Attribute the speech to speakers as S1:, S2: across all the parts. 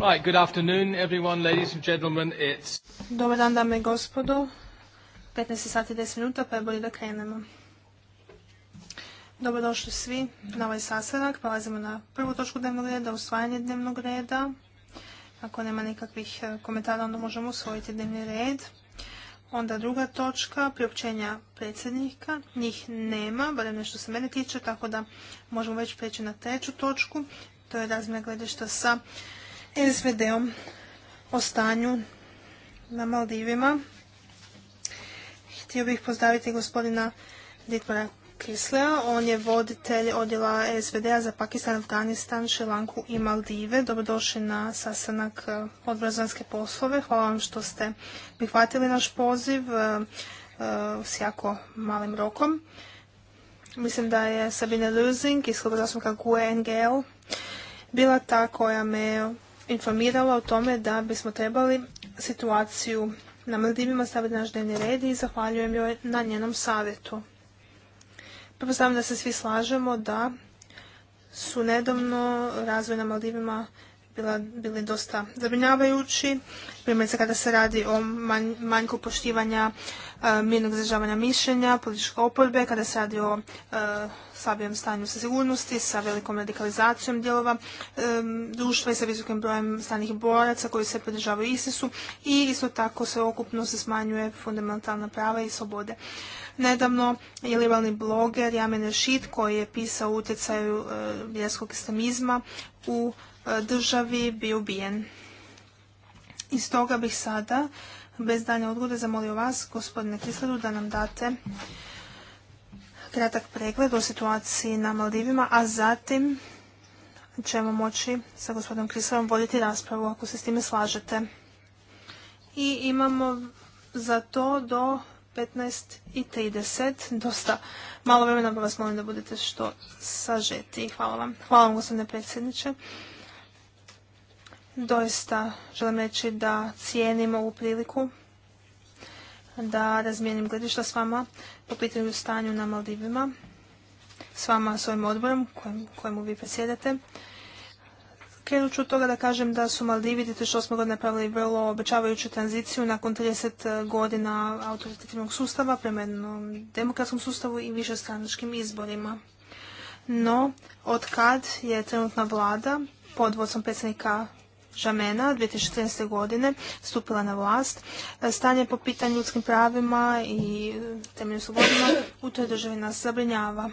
S1: Right, good afternoon everyone, ladies and gentlemen, it's...
S2: Dobar dan dame i gospodo, 15 sati 10 minuta pa je bolje da krenemo. Dobrodošli svi na ovaj sastanak prelazimo na prvu točku dnevnog reda, usvajanje dnevnog reda. Ako nema nikakvih eh, komentara onda možemo usvojiti dnevni red. Onda druga točka, priopćenja predsjednika. Njih nema, barem nešto se mene tiče, tako da možemo već preći na treću točku. To je razmjena gledišta sa SVD-om o stanju na Maldivima. Htio bih pozdraviti gospodina Ditmara Kislea. On je voditelj odjela SVD-a za Pakistan, Afganistan, Šilanku i Maldive. Dobrodošli na sastanak e, odbora poslove. Hvala vam što ste prihvatili naš poziv e, e, s jako malim rokom. Mislim da je Sabine Lusing iz Hrvatska zastupnika GUE NGL bila ta koja me informirala o tome da bismo trebali situaciju na Maldivima staviti naš dnevni red i zahvaljujem joj na njenom savjetu. znam da se svi slažemo da su nedavno razvoj na Maldivima bila, bili dosta zabrinjavajući, primjerice kada se radi o manj, manjku poštivanja e, mirnog izražavanja mišljenja, političke oporbe, kada se radi o e, slabijem stanju sa sigurnosti, sa velikom radikalizacijom dijelova e, društva i sa visokim brojem stanih boraca koji se podržavaju isis i isto tako se okupno se smanjuje fundamentalna prava i slobode. Nedavno je liberalni bloger Jamen Rashid koji je pisao utjecaju e, vjerskog islamizma u državi bi ubijen. I stoga bih sada, bez danje odgode, zamolio vas, gospodine Kisleru da nam date kratak pregled o situaciji na Maldivima, a zatim ćemo moći sa gospodinom Krislavom voditi raspravu, ako se s time slažete. I imamo za to do 15.30. Dosta malo vremena, pa vas molim da budete što sažeti. Hvala vam. Hvala vam, gospodine predsjedniče. Doista želim reći da cijenim ovu priliku da razmijenim gledišta s vama po pitanju stanju na Maldivima, s vama s ovim odborom kojemu vi predsjedate. Krenut ću od toga da kažem da su Maldivi 2008. godine napravili vrlo obećavajuću tranziciju nakon 30 godina autoritativnog sustava prema jednom demokratskom sustavu i višestranačkim izborima. No, od kad je trenutna vlada pod vodstvom predsjednika Žamena 2014. godine stupila na vlast, stanje po pitanju ljudskim pravima i temeljnim slobodima u toj državi nas zabrinjava.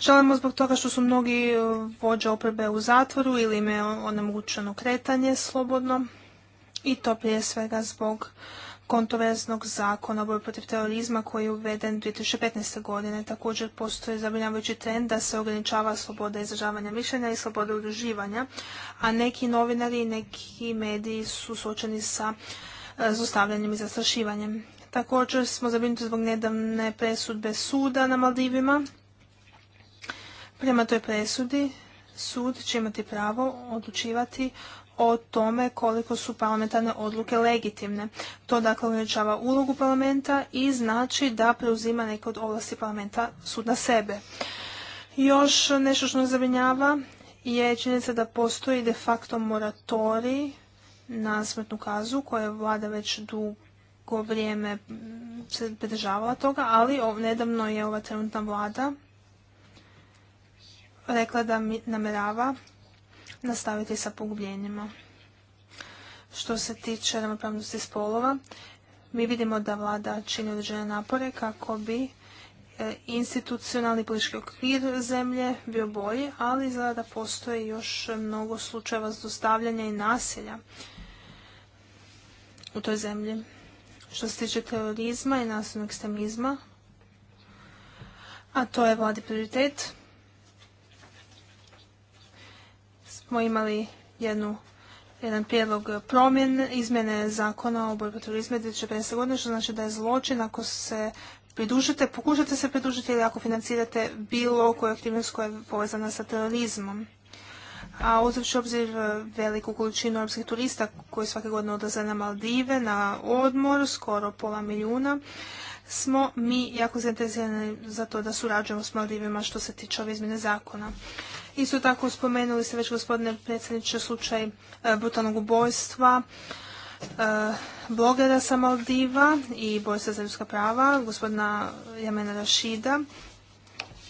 S2: Žalimo zbog toga što su mnogi vođe oprebe u zatvoru ili im je onemogućeno kretanje slobodno i to prije svega zbog kontroverznog zakona o borbi protiv terorizma koji je uveden 2015. godine. Također postoji zabrinjavajući trend da se ograničava sloboda izražavanja mišljenja i sloboda udruživanja, a neki novinari i neki mediji su suočeni sa e, zlostavljanjem i zastrašivanjem. Također smo zabrinuti zbog nedavne presudbe suda na Maldivima. Prema toj presudi sud će imati pravo odlučivati o tome koliko su parlamentarne odluke legitimne. To dakle ograničava ulogu parlamenta i znači da preuzima neke od ovlasti parlamenta sud na sebe. Još nešto što nas zabrinjava je činjenica da postoji de facto moratorij na smrtnu kazu koje je vlada već dugo vrijeme se pridržavala toga, ali nedavno je ova trenutna vlada rekla da namjerava nastaviti sa pogubljenjima. Što se tiče ravnopravnosti spolova, mi vidimo da vlada čini određene napore kako bi e, institucionalni politički okvir zemlje bio bolji, ali izgleda da postoji još mnogo slučajeva zlostavljanja i nasilja u toj zemlji. Što se tiče terorizma i nasilnog ekstremizma, a to je vladi prioritet, smo imali jednu jedan prijedlog promjen izmjene zakona o borbi turizma 2015. godine, što znači da je zločin ako se pridužite, pokušate se pridužiti ili ako financirate bilo koju aktivnost koja je povezana sa terorizmom. A uzavši obzir e, veliku količinu europskih turista koji svake godine odlaze na Maldive, na odmor, skoro pola milijuna, smo mi jako zainteresirani za to da surađujemo s Maldivima što se tiče ove izmjene zakona. Isto tako spomenuli ste već gospodine predsjedniče slučaj e, brutalnog ubojstva e, blogera sa Maldiva i bojstva za ljudska prava, gospodina Jamena Rašida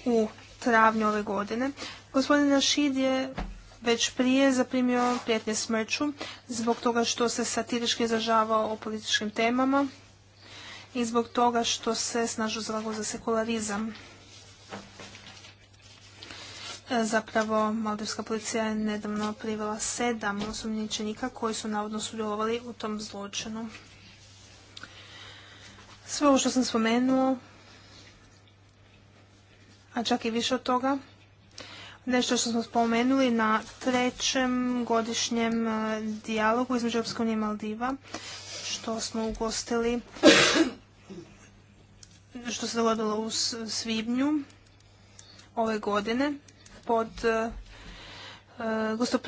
S2: u travnju ove godine. Gospodin Rašid je već prije zaprimio prijetnje smrću zbog toga što se satirički izražavao o političkim temama i zbog toga što se snažno zalago za sekularizam. E, zapravo, Maldivska policija je nedavno privela sedam osumnjičenika koji su navodno sudjelovali u tom zločinu. Sve ovo što sam spomenuo, a čak i više od toga, nešto što smo spomenuli na trećem godišnjem e, dijalogu između Europske i Maldiva, što smo ugostili što se dogodilo u svibnju ove godine pod e,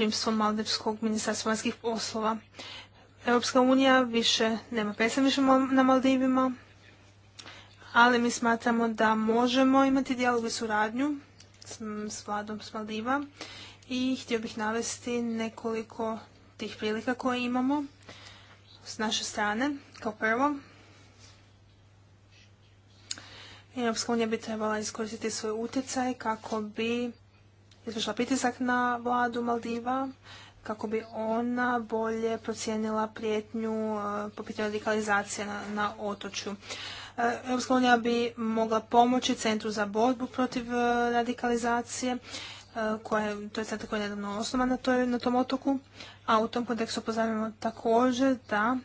S2: e, Maldivskog ministarstva vanjskih poslova. Europska unija više nema predstavništva na Maldivima, ali mi smatramo da možemo imati dijalog i suradnju s, s vladom s Maldiva i htio bih navesti nekoliko tih prilika koje imamo s naše strane. Kao prvo, Europska unija bi trebala iskoristiti svoj utjecaj kako bi izvršila pritisak na vladu Maldiva, kako bi ona bolje procijenila prijetnju e, po pitanju radikalizacije na, otočju. E, Europska unija bi mogla pomoći Centru za borbu protiv e, radikalizacije, to je centar koji je nedavno osnovan na, tom otoku, a u tom kontekstu pozdravljamo također da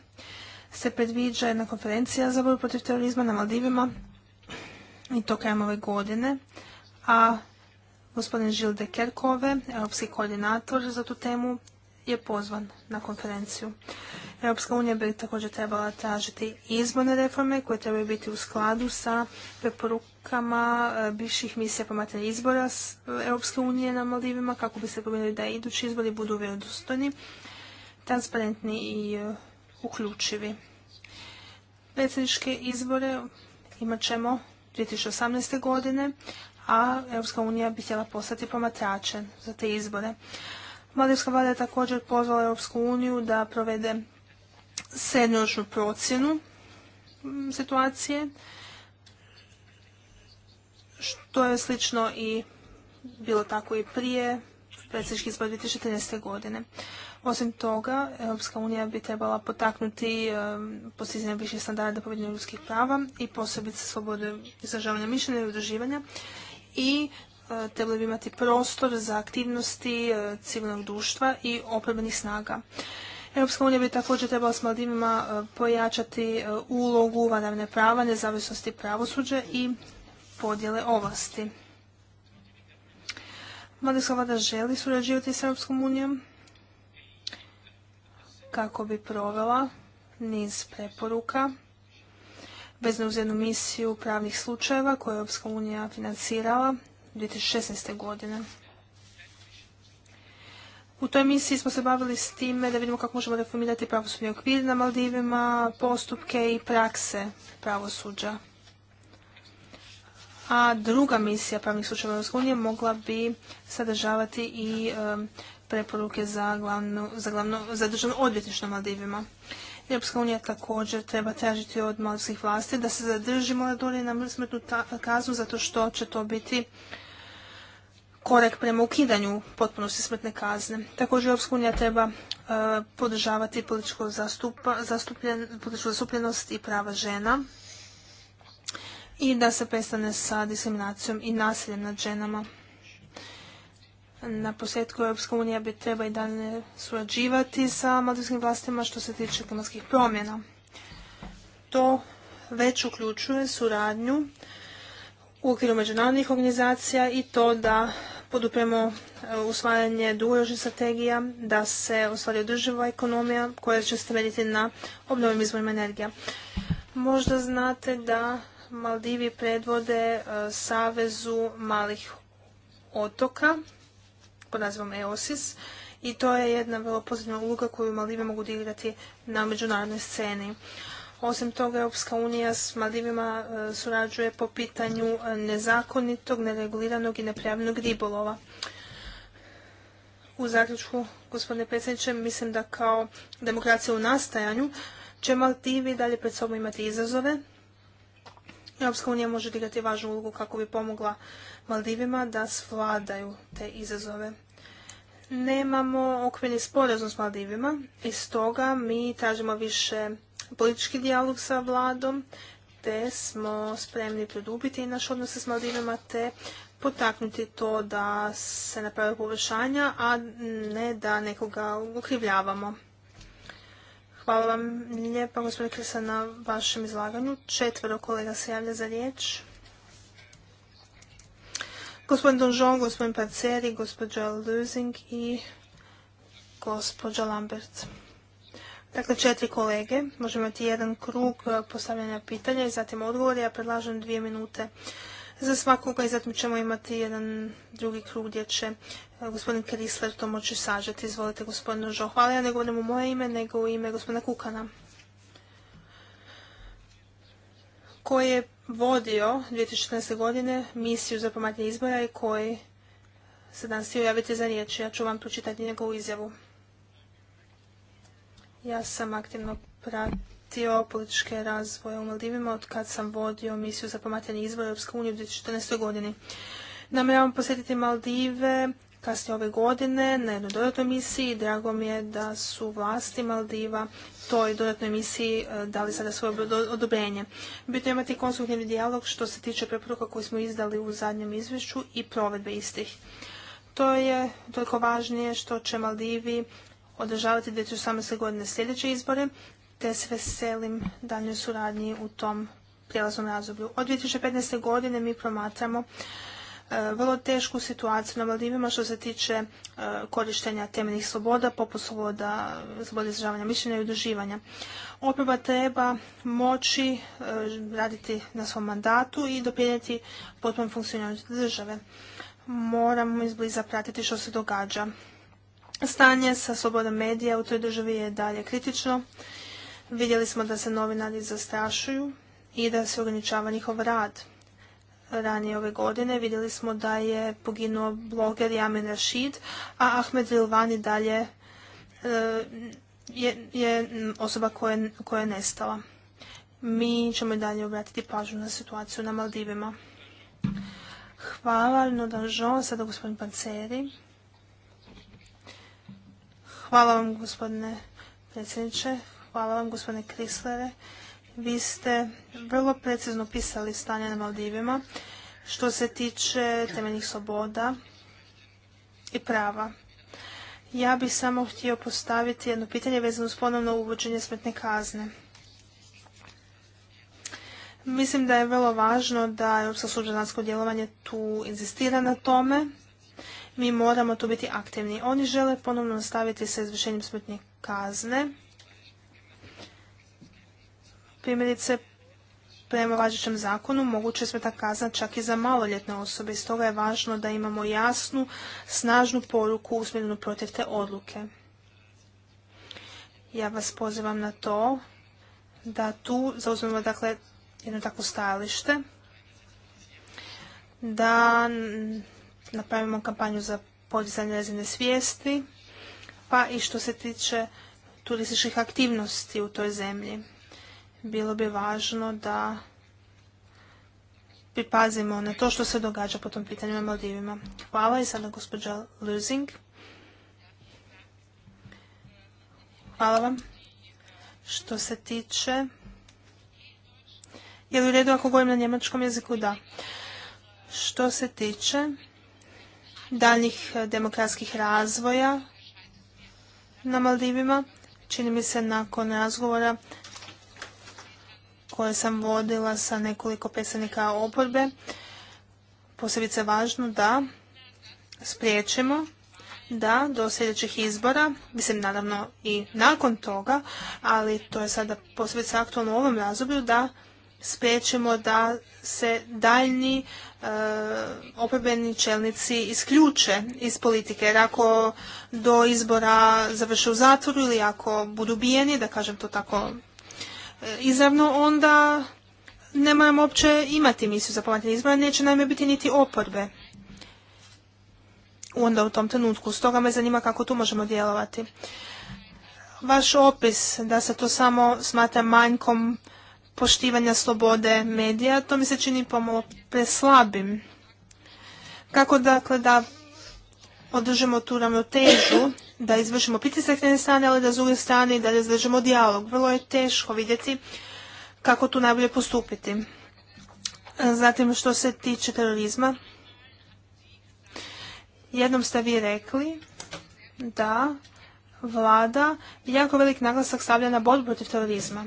S2: se predviđa jedna konferencija za borbu protiv terorizma na Maldivima i to krajem ove godine, a gospodin Žil de Kerkove, europski koordinator za tu temu, je pozvan na konferenciju. Europska unija bi također trebala tražiti izborne reforme koje trebaju biti u skladu sa preporukama e, bivših misija promatranja izbora e, Europske unije na Maldivima kako bi se promijenili da idući izbori budu vjerodostojni, transparentni i e, uključivi. Predsjedničke izbore imat ćemo 2018. godine, a Europska unija bi htjela postati promatrače za te izbore. mađarska vlada je također pozvala Europsku uniju da provede srednjožnu procjenu situacije, što je slično i bilo tako i prije predsjednički izbor 2013. godine. Osim toga, Europska unija bi trebala potaknuti postizanje više standarda povjerenja ljudskih prava i posebice slobode izražavanja mišljenja i udruživanja i e, trebali bi imati prostor za aktivnosti e, civilnog društva i opremenih snaga. Europska unija bi također trebala s Maldivima e, pojačati ulogu vladavne prava, nezavisnosti pravosuđa i podjele ovlasti. Maldivska vlada želi surađivati s Europskom unijom kako bi provela niz preporuka vezano uz jednu misiju pravnih slučajeva koje je Europska unija financirala 2016. godine. U toj misiji smo se bavili s time da vidimo kako možemo reformirati pravosudni okvir na Maldivima, postupke i prakse pravosuđa. A druga misija pravnih slučajeva Europske unije mogla bi sadržavati i preporuke za glavno, za glavno za državno odvjetništvo Maldivima. Europska unija također treba tražiti od malskih vlasti da se zadrži moratorij na smrtnu kaznu zato što će to biti korek prema ukidanju potpunosti smrtne kazne. Također Europska unija treba e, podržavati političku, zastupljen, političku zastupljenost i prava žena i da se prestane sa diskriminacijom i nasiljem nad ženama. Na posljedku Europska unija bi treba i dalje surađivati sa maldivskim vlastima što se tiče klimatskih promjena. To već uključuje suradnju u okviru međunarodnih organizacija i to da podupremo e, usvajanje dugoročnih strategija, da se ostvari održiva ekonomija koja će se temeljiti na obnovim izvorima energija. Možda znate da Maldivi predvode e, Savezu malih otoka pod nazivom EOSIS i to je jedna vrlo pozitivna uloga koju Maldive mogu digrati na međunarodnoj sceni. Osim toga, Europska unija s Maldivima e, surađuje po pitanju e, nezakonitog, nereguliranog i neprijavljenog ribolova. U zaključku, gospodine predsjedniče, mislim da kao demokracija u nastajanju će Maldivi dalje pred sobom imati izazove, Europska unija može odigrati važnu ulogu kako bi pomogla Maldivima da svladaju te izazove. Nemamo okvirni sporazum s Maldivima i stoga mi tražimo više politički dijalog sa vladom, te smo spremni produbiti naš odnose s Maldivima, te potaknuti to da se naprave poboljšanja, a ne da nekoga ukrivljavamo. Hvala vam lijepa, gospodine Krisa, na vašem izlaganju. Četvero kolega se javlja za riječ. Gospodin Donžon, gospodin Panceri, gospođa Lusing i gospođa Lambert. Dakle, četiri kolege. Možemo imati jedan krug postavljanja pitanja i zatim odgovor. Ja predlažem dvije minute za svakoga i zatim ćemo imati jedan drugi krug gdje će e, gospodin Krisler to moći sažeti. Izvolite gospodinu Žo. Hvala, ja ne govorim u moje ime, nego u ime gospodina Kukana. Koji je vodio 2014. godine misiju za pomatnje izbora i koji se danas htio javiti za riječ. Ja ću vam tu čitati njegovu izjavu. Ja sam aktivno pratio pratio političke razvoje u Maldivima od kad sam vodio misiju za promatranje izvora Europske unije u 2014. godini. Namjeravam posjetiti Maldive kasnije ove godine na jednoj dodatnoj misiji. Drago mi je da su vlasti Maldiva toj dodatnoj misiji e, dali sada svoje odobrenje. Bitno je imati konstruktivni dijalog što se tiče preporuka koji smo izdali u zadnjem izvješću i provedbe istih. To je toliko važnije što će Maldivi održavati 2018. godine sljedeće izbore te s veselim daljnjoj suradnji u tom prijelaznom razdoblju. Od 2015. godine mi promatramo e, vrlo tešku situaciju na Maldivima što se tiče e, korištenja temeljnih sloboda, poput sloboda, slobode izražavanja mišljenja i udruživanja. Oprava treba moći e, raditi na svom mandatu i doprinijeti potpuno funkcioniranju države. Moramo izbliza pratiti što se događa. Stanje sa slobodom medija u toj državi je dalje kritično Vidjeli smo da se novinari zastrašuju i da se ograničava njihov rad. Ranije ove godine vidjeli smo da je poginuo bloger Jamin Rashid, a Ahmed Rilvani dalje e, je, osoba koja je, nestala. Mi ćemo i dalje obratiti pažnju na situaciju na Maldivima. Hvala, no da sada gospodin Panceri. Hvala vam gospodine predsjedniče, Hvala vam, gospodine Krislere. Vi ste vrlo precizno pisali stanje na Maldivima što se tiče temeljnih sloboda i prava. Ja bih samo htio postaviti jedno pitanje vezano uz ponovno uvođenje smrtne kazne. Mislim da je vrlo važno da Europska služba djelovanje tu inzistira na tome. Mi moramo tu biti aktivni. Oni žele ponovno nastaviti sa izvršenjem smrtne kazne Primjerice, prema važećem zakonu moguće je smeta kazna čak i za maloljetne osobe i stoga je važno da imamo jasnu, snažnu poruku usmjerenu protiv te odluke. Ja vas pozivam na to da tu zauzmemo dakle jedno takvo stajalište, da napravimo kampanju za podizanje razine svijesti, pa i što se tiče turističkih aktivnosti u toj zemlji bilo bi važno da pripazimo na to što se događa po tom pitanju na Maldivima. Hvala i sada gospođa Luzing. Hvala vam. Što se tiče... Je li u redu ako govorim na njemačkom jeziku? Da. Što se tiče daljnjih eh, demokratskih razvoja na Maldivima, čini mi se nakon razgovora koje sam vodila sa nekoliko predstavnika oporbe posebice važno da spriječimo da do sljedećih izbora, mislim naravno i nakon toga, ali to je sada posebice aktualno u ovom razdoblju, da spriječimo da se daljni e, oporbeni čelnici isključe iz politike. Jer ako do izbora završe u zatvoru ili ako budu bijeni, da kažem to tako E, izravno, onda ne moramo uopće imati misiju za povlačenje izbora, neće naime biti niti oporbe onda u tom trenutku. Stoga me zanima kako tu možemo djelovati. Vaš opis da se to samo smatra manjkom poštivanja slobode medija, to mi se čini pomalo preslabim. Kako dakle da održimo tu ravnotežu da izvršimo pritisak s jedne strane, ali da s druge strane da izvršimo dijalog. Vrlo je teško vidjeti kako tu najbolje postupiti. E, zatim što se tiče terorizma, jednom ste vi rekli da vlada jako velik naglasak stavlja na borbu protiv terorizma.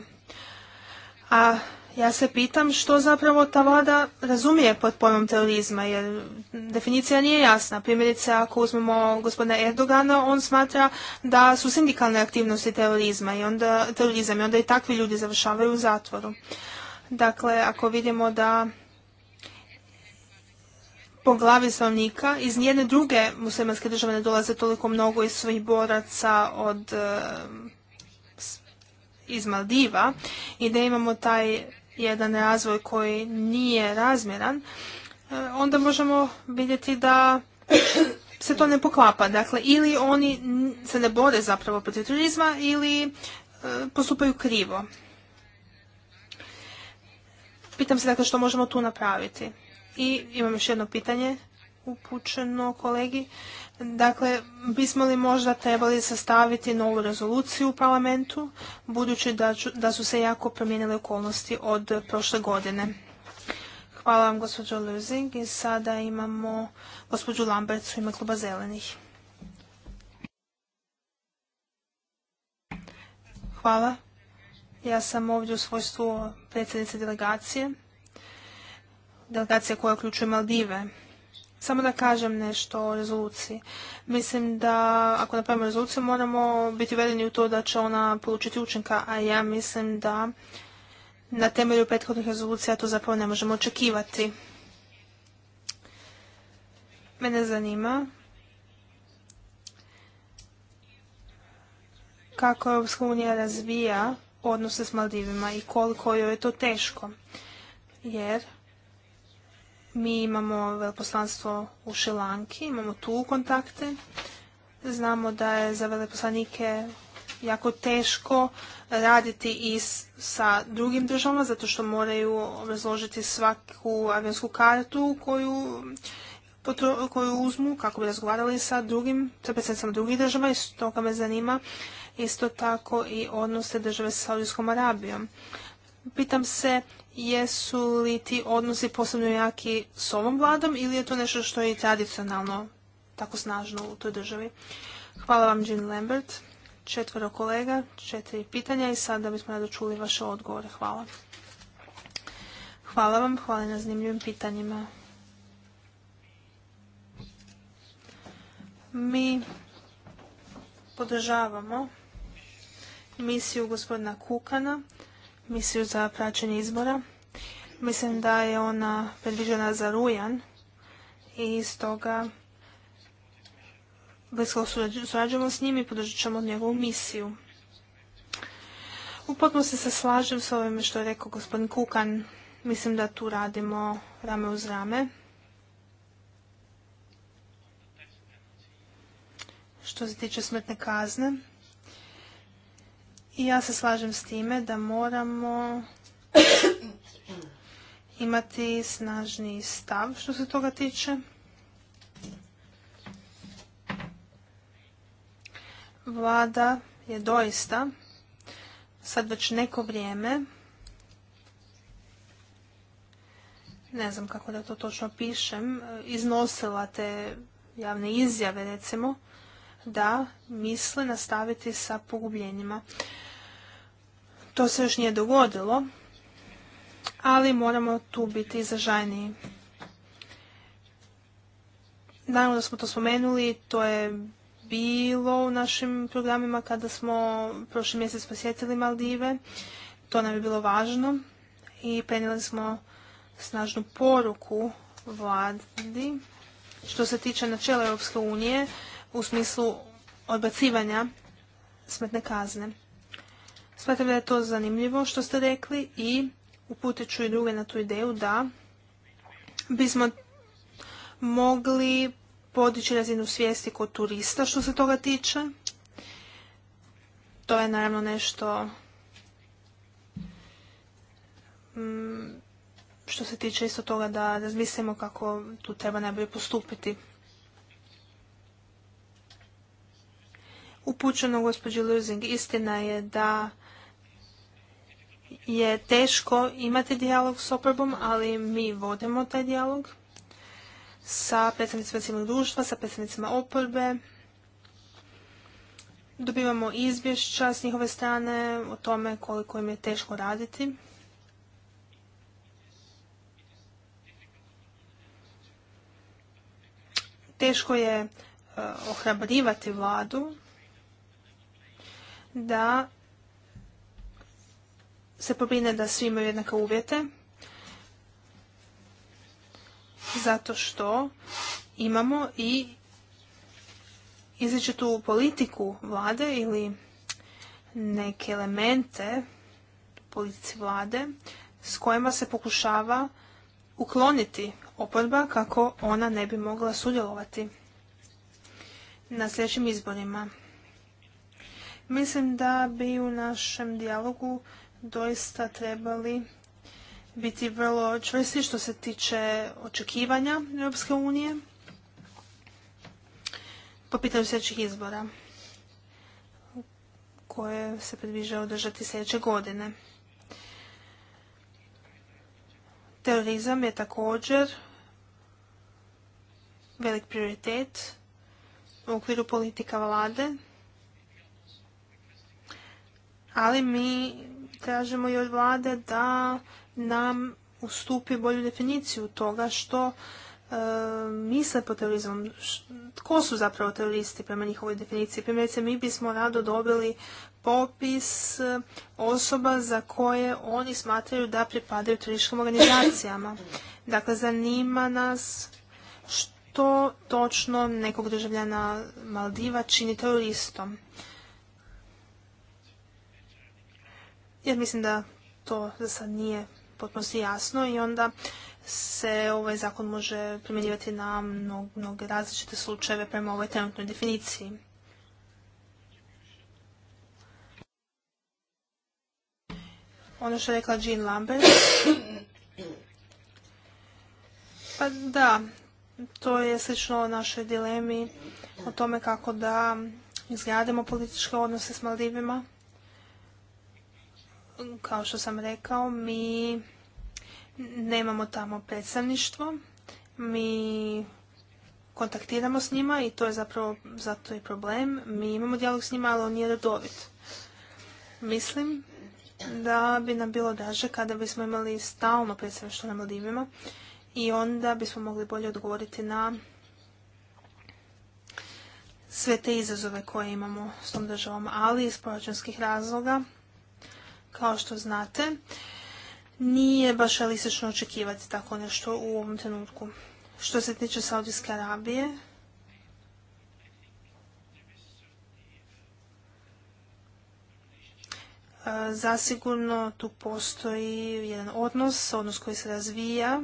S2: A ja se pitam što zapravo ta vlada razumije pod pojmom terorizma, jer definicija nije jasna. Primjerice, ako uzmemo gospodina Erdogana, on smatra da su sindikalne aktivnosti terorizma i onda, terorizam i onda i takvi ljudi završavaju u zatvoru. Dakle, ako vidimo da po glavi stanovnika iz nijedne druge muslimanske države ne dolaze toliko mnogo iz svojih boraca od eh, iz Maldiva i da imamo taj jedan razvoj koji nije razmjeran, e, onda možemo vidjeti da se to ne poklapa. Dakle, ili oni se ne bore zapravo protiv turizma ili e, postupaju krivo. Pitam se dakle što možemo tu napraviti. I imam još jedno pitanje upućeno kolegi. Dakle, bismo li možda trebali sastaviti novu rezoluciju u parlamentu, budući da, su se jako promijenile okolnosti od prošle godine? Hvala vam, gospođo Luzing. I sada imamo gospođu Lambert u ime Kluba Zelenih. Hvala. Ja sam ovdje u svojstvu predsjednice delegacije, delegacije koja uključuje Maldive. Samo da kažem nešto o rezoluciji. Mislim da ako napravimo rezoluciju moramo biti uvedeni u to da će ona polučiti učinka, a ja mislim da na temelju prethodnih rezolucija to zapravo ne možemo očekivati. Mene zanima kako Europska unija razvija odnose s Maldivima i koliko joj je to teško. Jer mi imamo veleposlanstvo u Šilanki, imamo tu kontakte. Znamo da je za veleposlanike jako teško raditi i sa drugim državama zato što moraju obrazložiti svaku avionsku kartu koju, uzmu kako bi razgovarali sa drugim, sa drugih država i stoga me zanima isto tako i odnose države sa Saudijskom Arabijom pitam se jesu li ti odnosi posebno jaki s ovom vladom ili je to nešto što je tradicionalno tako snažno u toj državi. Hvala vam, Jean Lambert. Četvero kolega, četiri pitanja i sada bismo rado čuli vaše odgovore. Hvala. Hvala vam, hvala na zanimljivim pitanjima. Mi podržavamo misiju gospodina Kukana misiju za praćenje izbora. Mislim da je ona predviđena za rujan i stoga blisko surađujemo s njim i podržat ćemo njegovu misiju. U potpunosti se slažem s ovime što je rekao gospodin Kukan. Mislim da tu radimo rame uz rame. Što se tiče smrtne kazne, i ja se slažem s time da moramo imati snažni stav što se toga tiče. Vlada je doista sad već neko vrijeme ne znam kako da to točno pišem, iznosila te javne izjave recimo da misle nastaviti sa pogubljenjima. To se još nije dogodilo, ali moramo tu biti izražajniji. Naravno da smo to spomenuli, to je bilo u našim programima kada smo prošli mjesec posjetili Maldive. To nam je bilo važno i prenijeli smo snažnu poruku vladi što se tiče načela Europske unije u smislu odbacivanja smrtne kazne. Smatram da je to zanimljivo što ste rekli i uputit ću i druge na tu ideju da bismo mogli podići razinu svijesti kod turista što se toga tiče. To je naravno nešto mm, što se tiče isto toga da razmislimo kako tu treba najbolje postupiti. upućeno gospođi Luzing. Istina je da je teško imati dijalog s oporbom, ali mi vodimo taj dijalog sa predstavnicima civilnog društva, sa predstavnicima oporbe. Dobivamo izvješća s njihove strane o tome koliko im je teško raditi. Teško je eh, ohrabrivati vladu da se pobrine da svi imaju jednake uvjete, zato što imamo i izričitu politiku vlade ili neke elemente politici vlade s kojima se pokušava ukloniti oporba kako ona ne bi mogla sudjelovati na sljedećim izborima. Mislim da bi u našem dijalogu doista trebali biti vrlo čvrsti što se tiče očekivanja Europske unije po pitanju sljedećih izbora koje se predviđa održati sljedeće godine. Terorizam je također velik prioritet u okviru politika vlade ali mi tražimo i od vlade da nam ustupi bolju definiciju toga što e, misle po terorizmom. Tko su zapravo teroristi prema njihovoj definiciji? Primjerice, mi bismo rado dobili popis e, osoba za koje oni smatraju da pripadaju terorističkim organizacijama. Dakle, zanima nas što točno nekog državljana Maldiva čini teroristom. jer mislim da to za sad nije potpuno jasno i onda se ovaj zakon može primjenjivati na mnog, mnoge različite slučajeve prema ovoj trenutnoj definiciji. Ono što je rekla Jean Lambert. Pa da, to je slično našoj dilemi o tome kako da izgradimo političke odnose s Maldivima kao što sam rekao, mi nemamo tamo predstavništvo, mi kontaktiramo s njima i to je zapravo zato i problem. Mi imamo dijalog s njima, ali on nije redovit. Mislim da bi nam bilo draže kada bismo imali stalno predstavništvo na Maldivima i onda bismo mogli bolje odgovoriti na sve te izazove koje imamo s tom državom, ali iz proračunskih razloga kao što znate, nije baš realistično očekivati tako nešto u ovom trenutku. Što se tiče Saudijske Arabije, e, zasigurno tu postoji jedan odnos, odnos koji se razvija,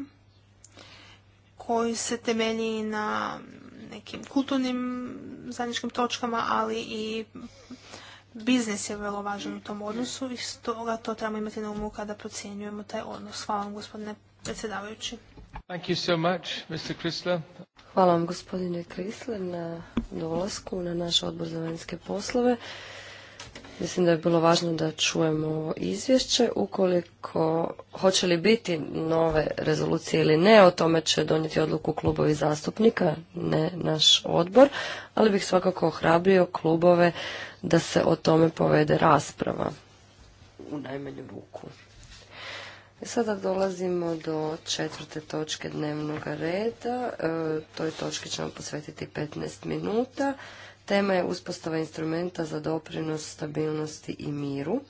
S2: koji se temelji na nekim kulturnim zajedničkim točkama, ali i Biznis je vrlo važan u tom odnosu i stoga to trebamo imati na umu kada procjenjujemo taj odnos. Hvala vam gospodine predsjedavajući.
S1: Thank you so much, Mr.
S3: Hvala vam gospodine Krisler na dolasku na naš odbor za vanjske poslove. Mislim da je bilo važno da čujemo izvješće. Ukoliko hoće li biti nove rezolucije ili ne, o tome će donijeti odluku klubovi zastupnika, ne naš odbor, ali bih svakako ohrabrio klubove da se o tome povede rasprava u najmanju ruku. I e, sada dolazimo do četvrte točke dnevnog reda. E, toj točki ćemo posvetiti 15 minuta. Tema je uspostava instrumenta za doprinos stabilnosti i miru.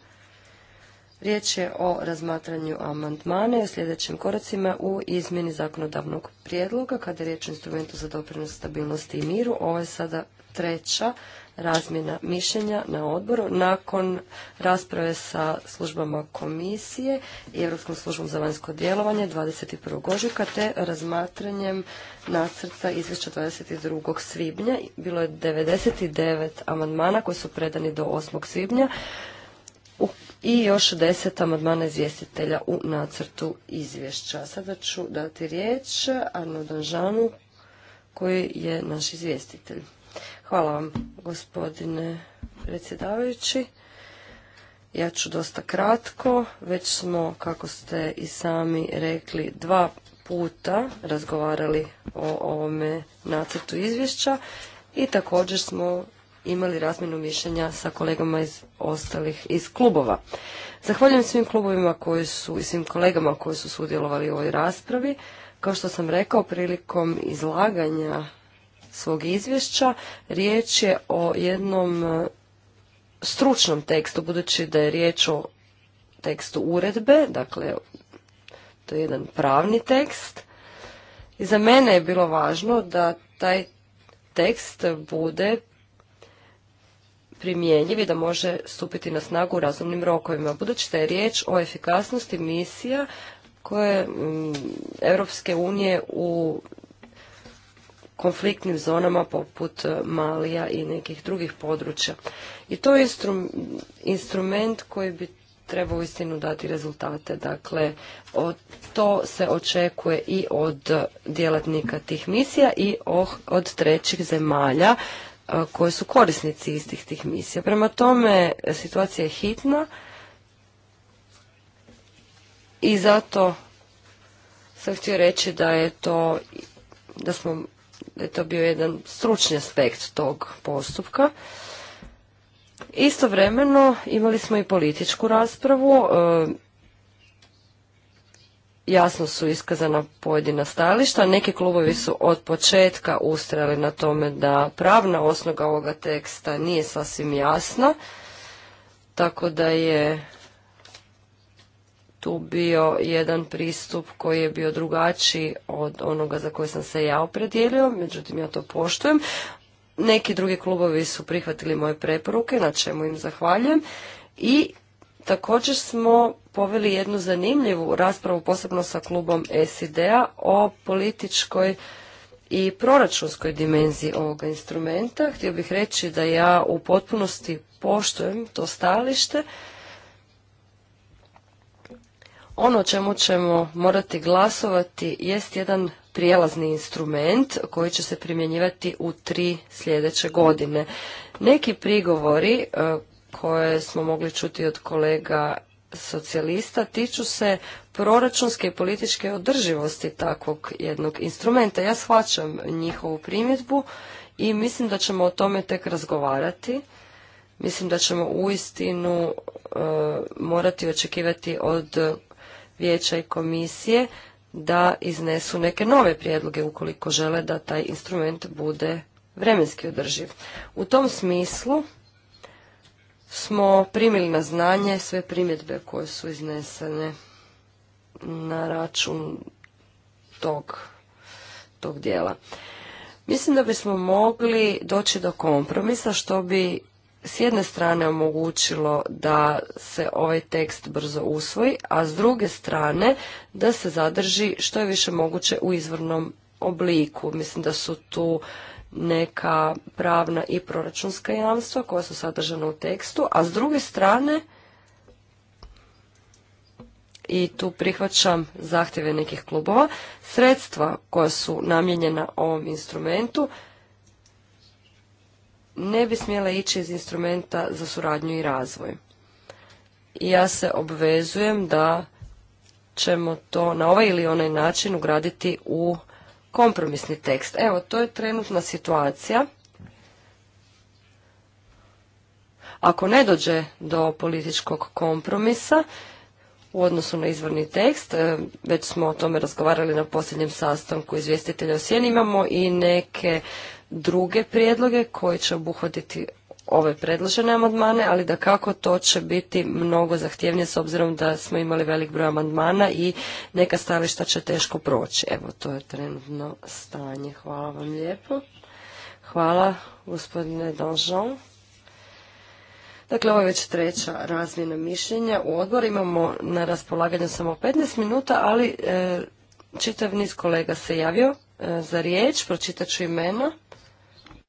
S3: Riječ je o razmatranju amandmana i o sljedećim koracima u izmjeni zakonodavnog prijedloga. Kada je riječ o instrumentu za doprinos stabilnosti i miru, ovo je sada treća razmjena mišljenja na odboru nakon rasprave sa službama komisije i Europskom službom za vanjsko djelovanje 21. ožujka te razmatranjem nacrta izvješća 22. svibnja. Bilo je 99 amandmana koji su predani do 8. svibnja i još 10 amandmana izvjestitelja u nacrtu izvješća. Sada ću dati riječ Arno Danžanu koji je naš izvjestitelj. Hvala vam, gospodine predsjedavajući. Ja ću dosta kratko. Već smo, kako ste i sami rekli, dva puta razgovarali o ovome nacrtu izvješća i također smo imali razmjenu mišljenja sa kolegama iz ostalih iz klubova. Zahvaljujem svim klubovima koji su i svim kolegama koji su sudjelovali u ovoj raspravi. Kao što sam rekao, prilikom izlaganja svog izvješća. Riječ je o jednom e, stručnom tekstu, budući da je riječ o tekstu uredbe, dakle to je jedan pravni tekst. I za mene je bilo važno da taj tekst bude primjenjiv i da može stupiti na snagu u razumnim rokovima. Budući da je riječ o efikasnosti misija koje mm, Europske unije u konfliktnim zonama poput e, Malija i nekih drugih područja. I to je instrument koji bi trebao istinu dati rezultate. Dakle, to se očekuje i od djelatnika tih misija i oh, od trećih zemalja koji e, koje su korisnici istih tih misija. Prema tome, situacija je hitna i zato sam htio reći da je to da smo da je to bio jedan stručni aspekt tog postupka. Istovremeno imali smo i političku raspravu. E, jasno su iskazana pojedina stajališta. Neki klubovi su od početka ustrali na tome da pravna osnoga ovoga teksta nije sasvim jasna. Tako da je tu bio jedan pristup koji je bio drugačiji od onoga za koje sam se ja opredijelio, međutim ja to poštujem. Neki drugi klubovi su prihvatili moje preporuke, na čemu im zahvaljujem. I također smo poveli jednu zanimljivu raspravu, posebno sa klubom SID-a, o političkoj i proračunskoj dimenziji ovoga instrumenta. Htio bih reći da ja u potpunosti poštujem to stajalište, ono o čemu ćemo morati glasovati jest jedan prijelazni instrument koji će se primjenjivati u tri sljedeće godine. Neki prigovori e, koje smo mogli čuti od kolega socijalista tiču se proračunske i političke održivosti takvog jednog instrumenta. Ja shvaćam njihovu primjedbu i mislim da ćemo o tome tek razgovarati. Mislim da ćemo uistinu istinu e, morati očekivati od vijeća i komisije da iznesu neke nove prijedloge ukoliko žele da taj instrument bude vremenski održiv. U tom smislu smo primili na znanje sve primjedbe koje su iznesene na račun tog, tog dijela. Mislim da bismo mogli doći do kompromisa što bi s jedne strane omogućilo da se ovaj tekst brzo usvoji, a s druge strane da se zadrži što je više moguće u izvornom obliku. Mislim da su tu neka pravna i proračunska jamstva koja su sadržana u tekstu, a s druge strane i tu prihvaćam zahtjeve nekih klubova, sredstva koja su namijenjena ovom instrumentu ne bi smjela ići iz instrumenta za suradnju i razvoj. ja se obvezujem da ćemo to na ovaj ili onaj način ugraditi u kompromisni tekst. Evo, to je trenutna situacija. Ako ne dođe do političkog kompromisa u odnosu na izvorni tekst, e, već smo o tome razgovarali na posljednjem sastanku izvjestitelja o sjeni, imamo i neke druge prijedloge koji će obuhvatiti ove predložene amandmane, ali da kako to će biti mnogo zahtjevnije s obzirom da smo imali velik broj amandmana i neka stajališta će teško proći. Evo, to je trenutno stanje. Hvala vam lijepo. Hvala, gospodine Donjon. Dakle, ovo je već treća razmjena mišljenja. U odbor imamo na raspolaganju samo 15 minuta, ali e, čitav niz kolega se javio e, za riječ. Pročitat ću imena.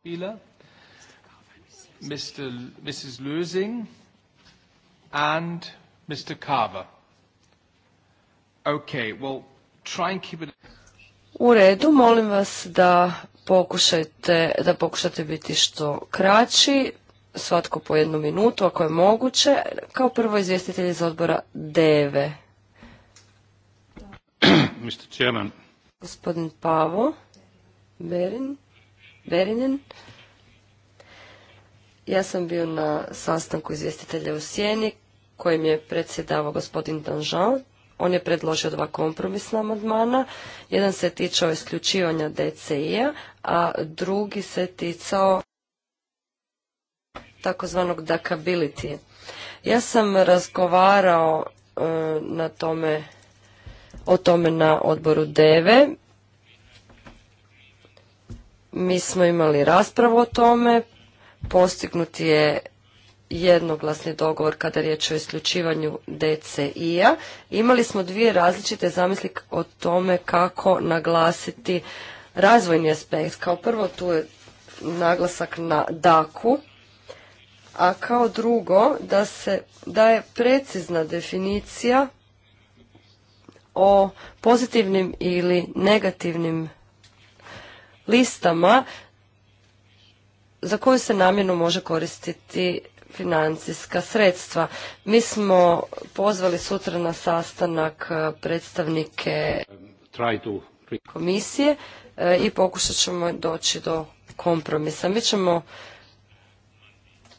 S1: Spieler, Mr. Mrs. Lösing, and Mr. Carver. Okay, well, try and keep it...
S3: U redu, molim vas da pokušajte, da pokušate biti što kraći, svatko po jednu minutu, ako je moguće. Kao prvo izvjestitelj iz odbora Deve.
S4: Mr. Chairman.
S3: Gospodin Pavo Berin. Berinin. Ja sam bio na sastanku izvjestitelja u Sjeni kojim je predsjedavao gospodin Danžan. On je predložio dva kompromisna amandmana. Jedan se tiče isključivanja DCI-a, a drugi se ticao takozvanog dakability. Ja sam razgovarao e, na tome, o tome na odboru DEVE mi smo imali raspravu o tome, postignut je jednoglasni dogovor kada je riječ o isključivanju DCI-a. Imali smo dvije različite zamisli o tome kako naglasiti razvojni aspekt. Kao prvo tu je naglasak na DAKU, a kao drugo da se daje precizna definicija o pozitivnim ili negativnim listama za koju se namjenu može koristiti financijska sredstva. Mi smo pozvali sutra na sastanak e, predstavnike komisije e, i pokušat ćemo doći do kompromisa. Mi ćemo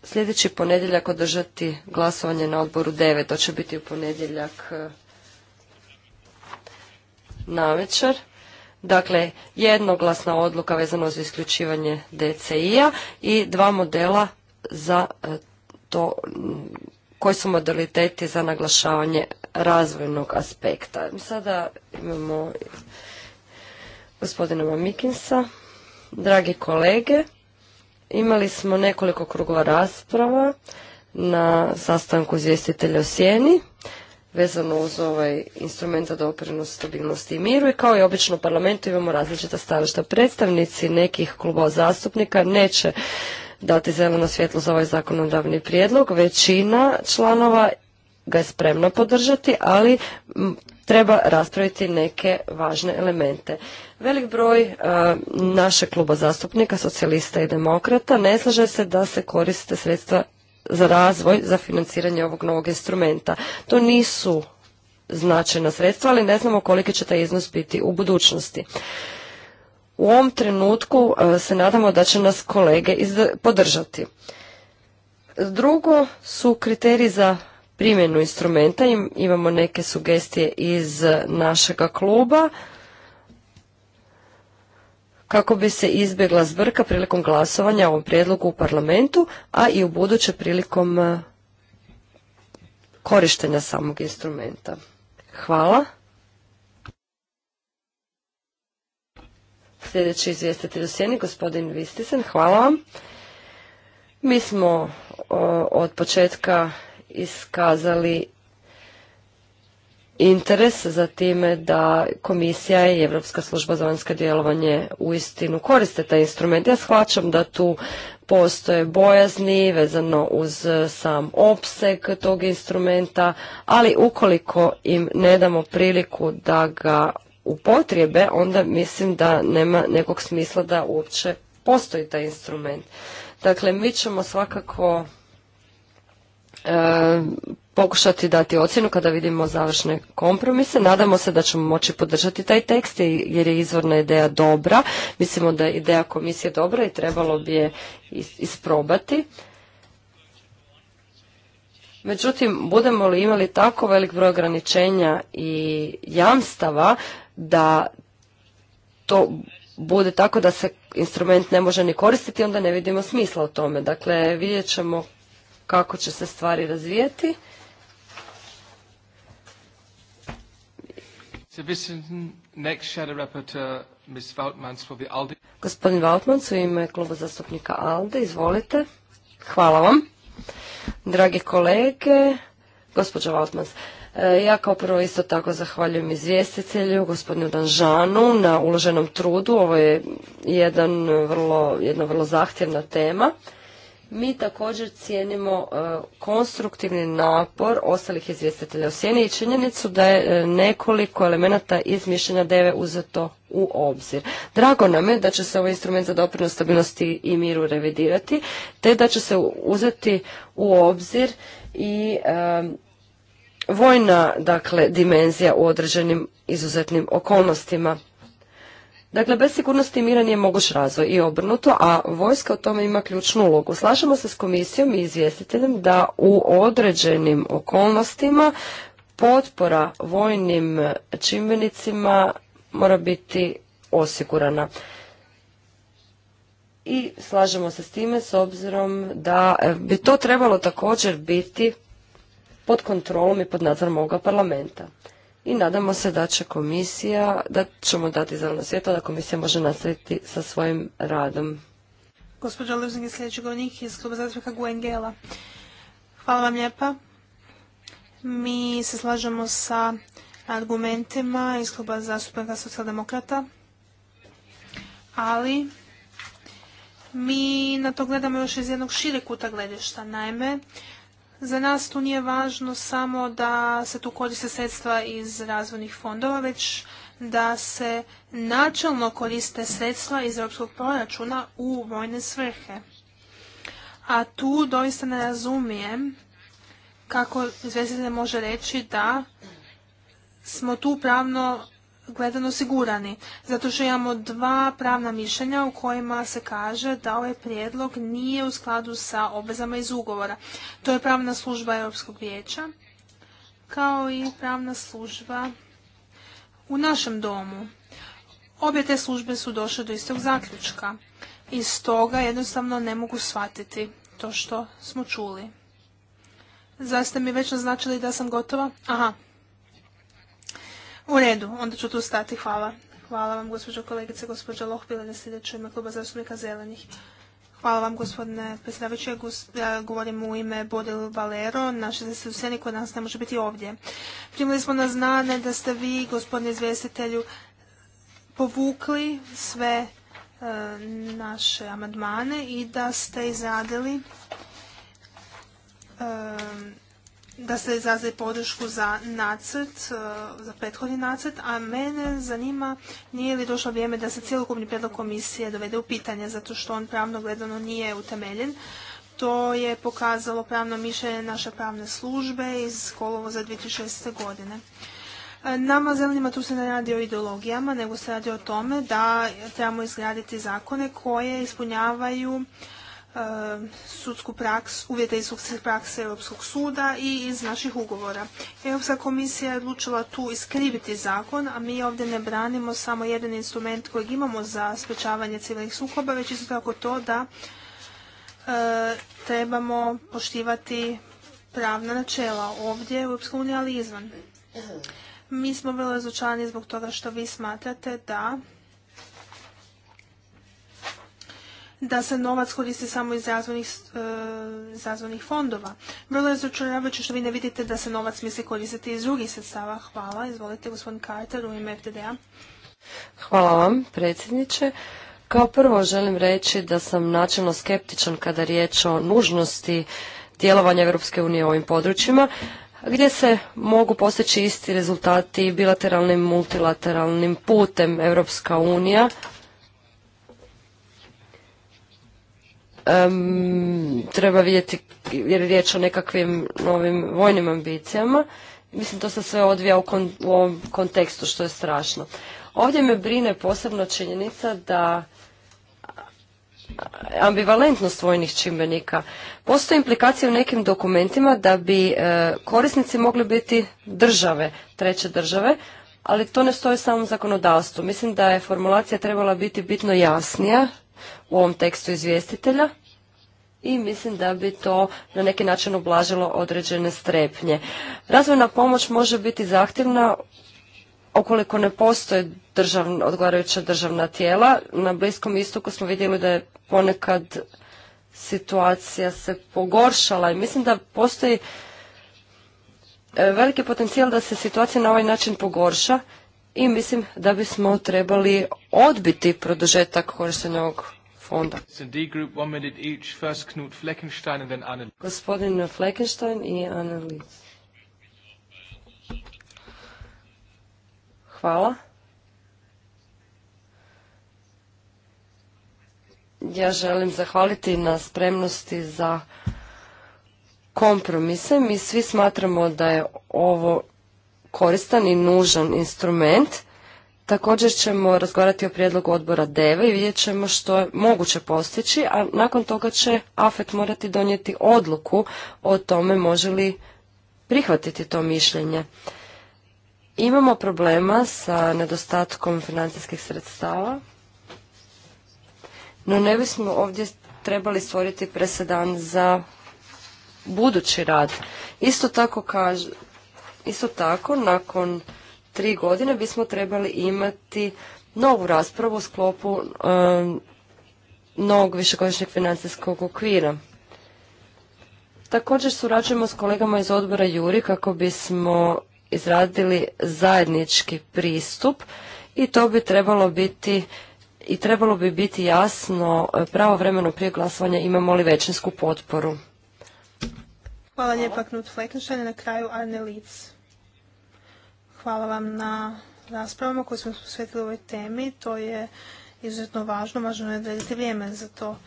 S3: sljedeći ponedjeljak održati glasovanje na odboru 9. To će biti u ponedjeljak e, na večer. Dakle, jednoglasna odluka vezano za isključivanje DCI-a i dva modela za e, to koji su modaliteti za naglašavanje razvojnog aspekta. Sada imamo gospodina Mamikinsa. Dragi kolege, imali smo nekoliko krugova rasprava na sastanku izvjestitelja o Sjeni vezano uz ovaj instrument za doprinos stabilnosti i miru i kao i obično u parlamentu imamo različita stavišta. Predstavnici nekih klubova zastupnika neće dati zeleno svjetlo za ovaj zakonodavni prijedlog. Većina članova ga je spremna podržati, ali treba raspraviti neke važne elemente. Velik broj e, našeg kluba zastupnika, socijalista i demokrata, ne slaže se da se koriste sredstva za razvoj, za financiranje ovog novog instrumenta. To nisu značajna sredstva, ali ne znamo koliki će taj iznos biti u budućnosti. U ovom trenutku e, se nadamo da će nas kolege podržati. Drugo su kriteriji za primjenu instrumenta. Imamo neke sugestije iz našega kluba kako bi se izbjegla zbrka prilikom glasovanja o ovom prijedlogu u parlamentu, a i u buduće prilikom e, korištenja samog instrumenta. Hvala. Sljedeći izvjestitelj u gospodin Vistisen, hvala vam. Mi smo e, od početka iskazali interes za time da komisija i Europska služba za vanjsko djelovanje uistinu koriste taj instrument. Ja shvaćam da tu postoje bojazni vezano uz e, sam opseg tog instrumenta, ali ukoliko im ne damo priliku da ga upotrijebe, onda mislim da nema nekog smisla da uopće postoji taj instrument. Dakle, mi ćemo svakako e, pokušati dati ocjenu kada vidimo završne kompromise. Nadamo se da ćemo moći podržati taj tekst jer je izvorna ideja dobra. Mislimo da je ideja komisije dobra i trebalo bi je isprobati. Međutim, budemo li imali tako velik broj ograničenja i jamstava da to bude tako da se instrument ne može ni koristiti, onda ne vidimo smisla u tome. Dakle, vidjet ćemo kako će se stvari razvijeti. Gospodin Vautmans u ime kluba zastupnika ALDE, izvolite. Hvala vam. Dragi kolege, gospođo Vautmans, e, ja kao prvo isto tako zahvaljujem izvjestitelju, gospodinu Danžanu, na uloženom trudu. Ovo je jedan vrlo, jedna vrlo zahtjevna tema. Mi također cijenimo e, konstruktivni napor ostalih izvjestitelja u sjeni i činjenicu da je e, nekoliko elemenata iz mišljenja deve uzeto u obzir. Drago nam je da će se ovaj instrument za doprinos stabilnosti i miru revidirati, te da će se uzeti u obzir i e, vojna dakle dimenzija u određenim izuzetnim okolnostima. Dakle, bez sigurnosti mira nije moguć razvoj i obrnuto, a vojska u tome ima ključnu ulogu. Slažemo se s komisijom i izvjestiteljem da u određenim okolnostima potpora vojnim čimbenicima mora biti osigurana. I slažemo se s time s obzirom da e, bi to trebalo također biti pod kontrolom i pod nadzorom ovoga parlamenta i nadamo se da će komisija, da ćemo dati zeleno svjetlo da komisija može nastaviti sa svojim radom.
S2: Gospođa Luznik je sljedeći govornik iz kluba zastupnika Guengela. Hvala vam lijepa. Mi se slažemo sa argumentima iz kluba zastupnika socijaldemokrata, ali mi na to gledamo još iz jednog šire kuta gledišta. Naime, za nas tu nije važno samo da se tu koriste sredstva iz razvojnih fondova, već da se načelno koriste sredstva iz europskog proračuna u vojne svrhe. A tu doista ne razumijem kako izvjestitelj može reći da smo tu pravno gledano sigurani, zato što imamo dva pravna mišljenja u kojima se kaže da ovaj prijedlog nije u skladu sa obvezama iz ugovora. To je pravna služba Europskog vijeća kao i pravna služba u našem domu. Obje te službe su došle do istog zaključka i stoga jednostavno ne mogu shvatiti to što smo čuli. ste mi već naznačili da sam gotova? Aha, u redu, onda ću tu stati. Hvala. Hvala vam, gospođo kolegice, gospođo Lohbile, na sljedeću ime Kluba zastupnika Zelenih. Hvala vam, gospodine predsjedavajući. Ja govorim u ime Bodil Valero, naše se nas nas ne može biti ovdje. Primili smo na znane da ste vi, gospodine izvjestitelju, povukli sve e, naše amandmane i da ste izradili e, da se izraze podršku za nacrt, e, za prethodni nacrt, a mene zanima nije li došlo vrijeme da se cjelokupni predlog komisije dovede u pitanje, zato što on pravno gledano nije utemeljen. To je pokazalo pravno mišljenje naše pravne službe iz kolovo za 2006. godine. E, nama zelenima tu se ne radi o ideologijama, nego se radi o tome da trebamo izgraditi zakone koje ispunjavaju Eh, sudsku praks, uvjete iz sudske prakse Europskog suda i iz naših ugovora. Europska komisija je odlučila tu iskriviti zakon, a mi ovdje ne branimo samo jedan instrument kojeg imamo za sprečavanje civilnih sukoba, već isto tako to da eh, trebamo poštivati pravna načela ovdje u Europskoj uniji, ali izvan. Mi smo vrlo razočarani zbog toga što vi smatrate da da se novac koristi samo iz razvojnih, e, fondova. Vrlo je začaravajuće što vi ne vidite da se novac misli koristiti iz drugih sredstava. Hvala. Izvolite, gospodin Carter u ime FDD-a.
S3: Hvala vam, predsjedniče. Kao prvo želim reći da sam načelno skeptičan kada je riječ o nužnosti djelovanja Europske unije u ovim područjima, gdje se mogu postići isti rezultati bilateralnim, multilateralnim putem Europska unija treba vidjeti jer je riječ o nekakvim novim vojnim ambicijama. Mislim, to se sve odvija u, ovom kontekstu, što je strašno. Ovdje me brine posebno činjenica da ambivalentnost vojnih čimbenika. postoji implikacija u nekim dokumentima da bi e, korisnici mogli biti države, treće države, ali to ne stoji u samom zakonodavstvu. Mislim da je formulacija trebala biti bitno jasnija u ovom tekstu izvjestitelja i mislim da bi to na neki način ublažilo određene strepnje. Razvojna pomoć može biti zahtjevna okoliko ne postoje odgovarajuća državna tijela. Na Bliskom istoku smo vidjeli da je ponekad situacija se pogoršala i mislim da postoji e, veliki potencijal da se situacija na ovaj način pogorša i mislim da bismo trebali odbiti produžetak korištenja ovog fonda. Gospodin Fleckenstein i Annelies. Hvala. Ja želim zahvaliti na spremnosti za kompromise. Mi svi smatramo da je ovo koristan i nužan instrument Također ćemo razgovarati o prijedlogu odbora DEVA i vidjet ćemo što je moguće postići, a nakon toga će AFET morati donijeti odluku o tome može li prihvatiti to mišljenje. Imamo problema sa nedostatkom financijskih sredstava, no ne bismo ovdje trebali stvoriti presedan za budući rad. Isto tako, kaž, isto tako nakon tri godine bismo trebali imati novu raspravu u sklopu um, novog višegodišnjeg financijskog okvira. Također surađujemo s kolegama iz odbora Juri kako bismo izradili zajednički pristup i to bi trebalo biti i trebalo bi biti jasno e, pravovremeno prije glasovanja imamo li većinsku potporu.
S2: Hvala lijepa Knut na kraju Arne Litz. Hvala vam na raspravama koje smo posvetili ovoj temi. To je izuzetno važno, važno je odrediti vrijeme za to.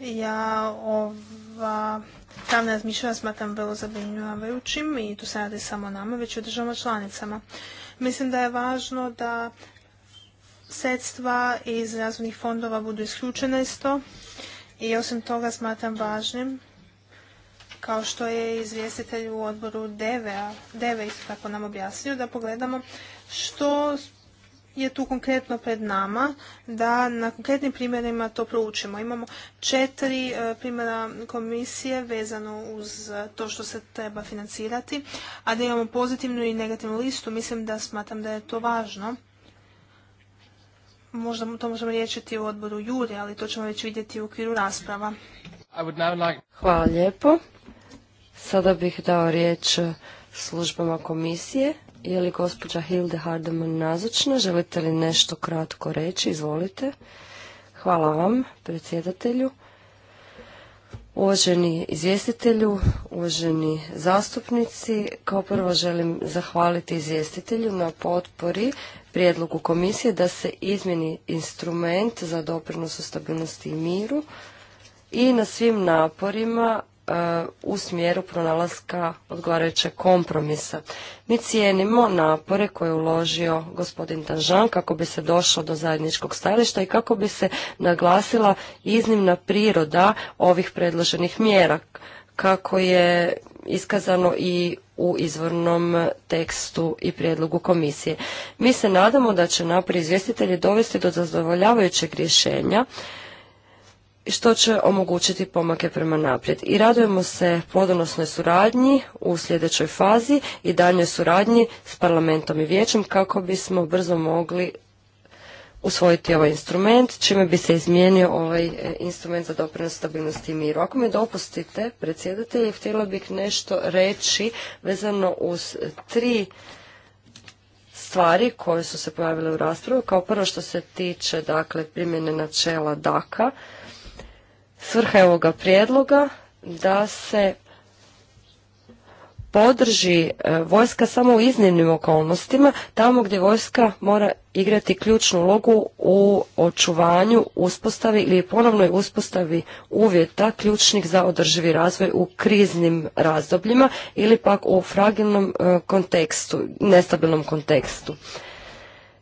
S2: Ja ova pravna razmišljanja smatram vrlo zabrinjavajućim i tu se radi samo nama, već i o državama članicama. Mislim da je važno da sredstva iz razvojnih fondova budu isključena iz to i osim toga smatram važnim kao što je izvjestitelj u odboru DEVE, DEVE isto tako nam objasnio, da pogledamo što je tu konkretno pred nama, da na konkretnim primjerima to proučimo. Imamo četiri e, primjera komisije vezano uz to što se treba financirati, a da imamo pozitivnu i negativnu listu, mislim da smatram da je to važno. Možda to možemo riječiti u odboru Juri, ali to ćemo već vidjeti u okviru rasprava.
S3: Hvala lijepo. Sada bih dao riječ službama komisije. Je li gospođa Hilde Hardeman nazočna? Želite li nešto kratko reći? Izvolite. Hvala vam, predsjedatelju. Uvaženi izvjestitelju, uvaženi zastupnici, kao prvo želim zahvaliti izvjestitelju na potpori prijedlogu komisije da se izmjeni instrument za doprinos u stabilnosti i miru i na svim naporima u smjeru pronalaska odgovarajućeg kompromisa. Mi cijenimo napore koje je uložio gospodin Tanžan kako bi se došlo do zajedničkog stajališta i kako bi se naglasila iznimna priroda ovih predloženih mjera kako je iskazano i u izvornom tekstu i prijedlogu komisije. Mi se nadamo da će napor izvjestitelji dovesti do zadovoljavajućeg rješenja što će omogućiti pomake prema naprijed. I radujemo se plodonosnoj suradnji u sljedećoj fazi i daljnjoj suradnji s parlamentom i vijećem kako bismo brzo mogli usvojiti ovaj instrument, čime bi se izmijenio ovaj e, instrument za doprinos stabilnosti i miru. Ako mi dopustite, predsjedatelji, htjela bih nešto reći vezano uz tri stvari koje su se pojavile u raspravu. Kao prvo što se tiče dakle, primjene načela DAKA, svrha je ovoga prijedloga da se podrži e, vojska samo u iznimnim okolnostima, tamo gdje vojska mora igrati ključnu ulogu u očuvanju, uspostavi ili ponovnoj uspostavi uvjeta ključnih za održivi razvoj u kriznim razdobljima ili pak u fragilnom e, kontekstu, nestabilnom kontekstu.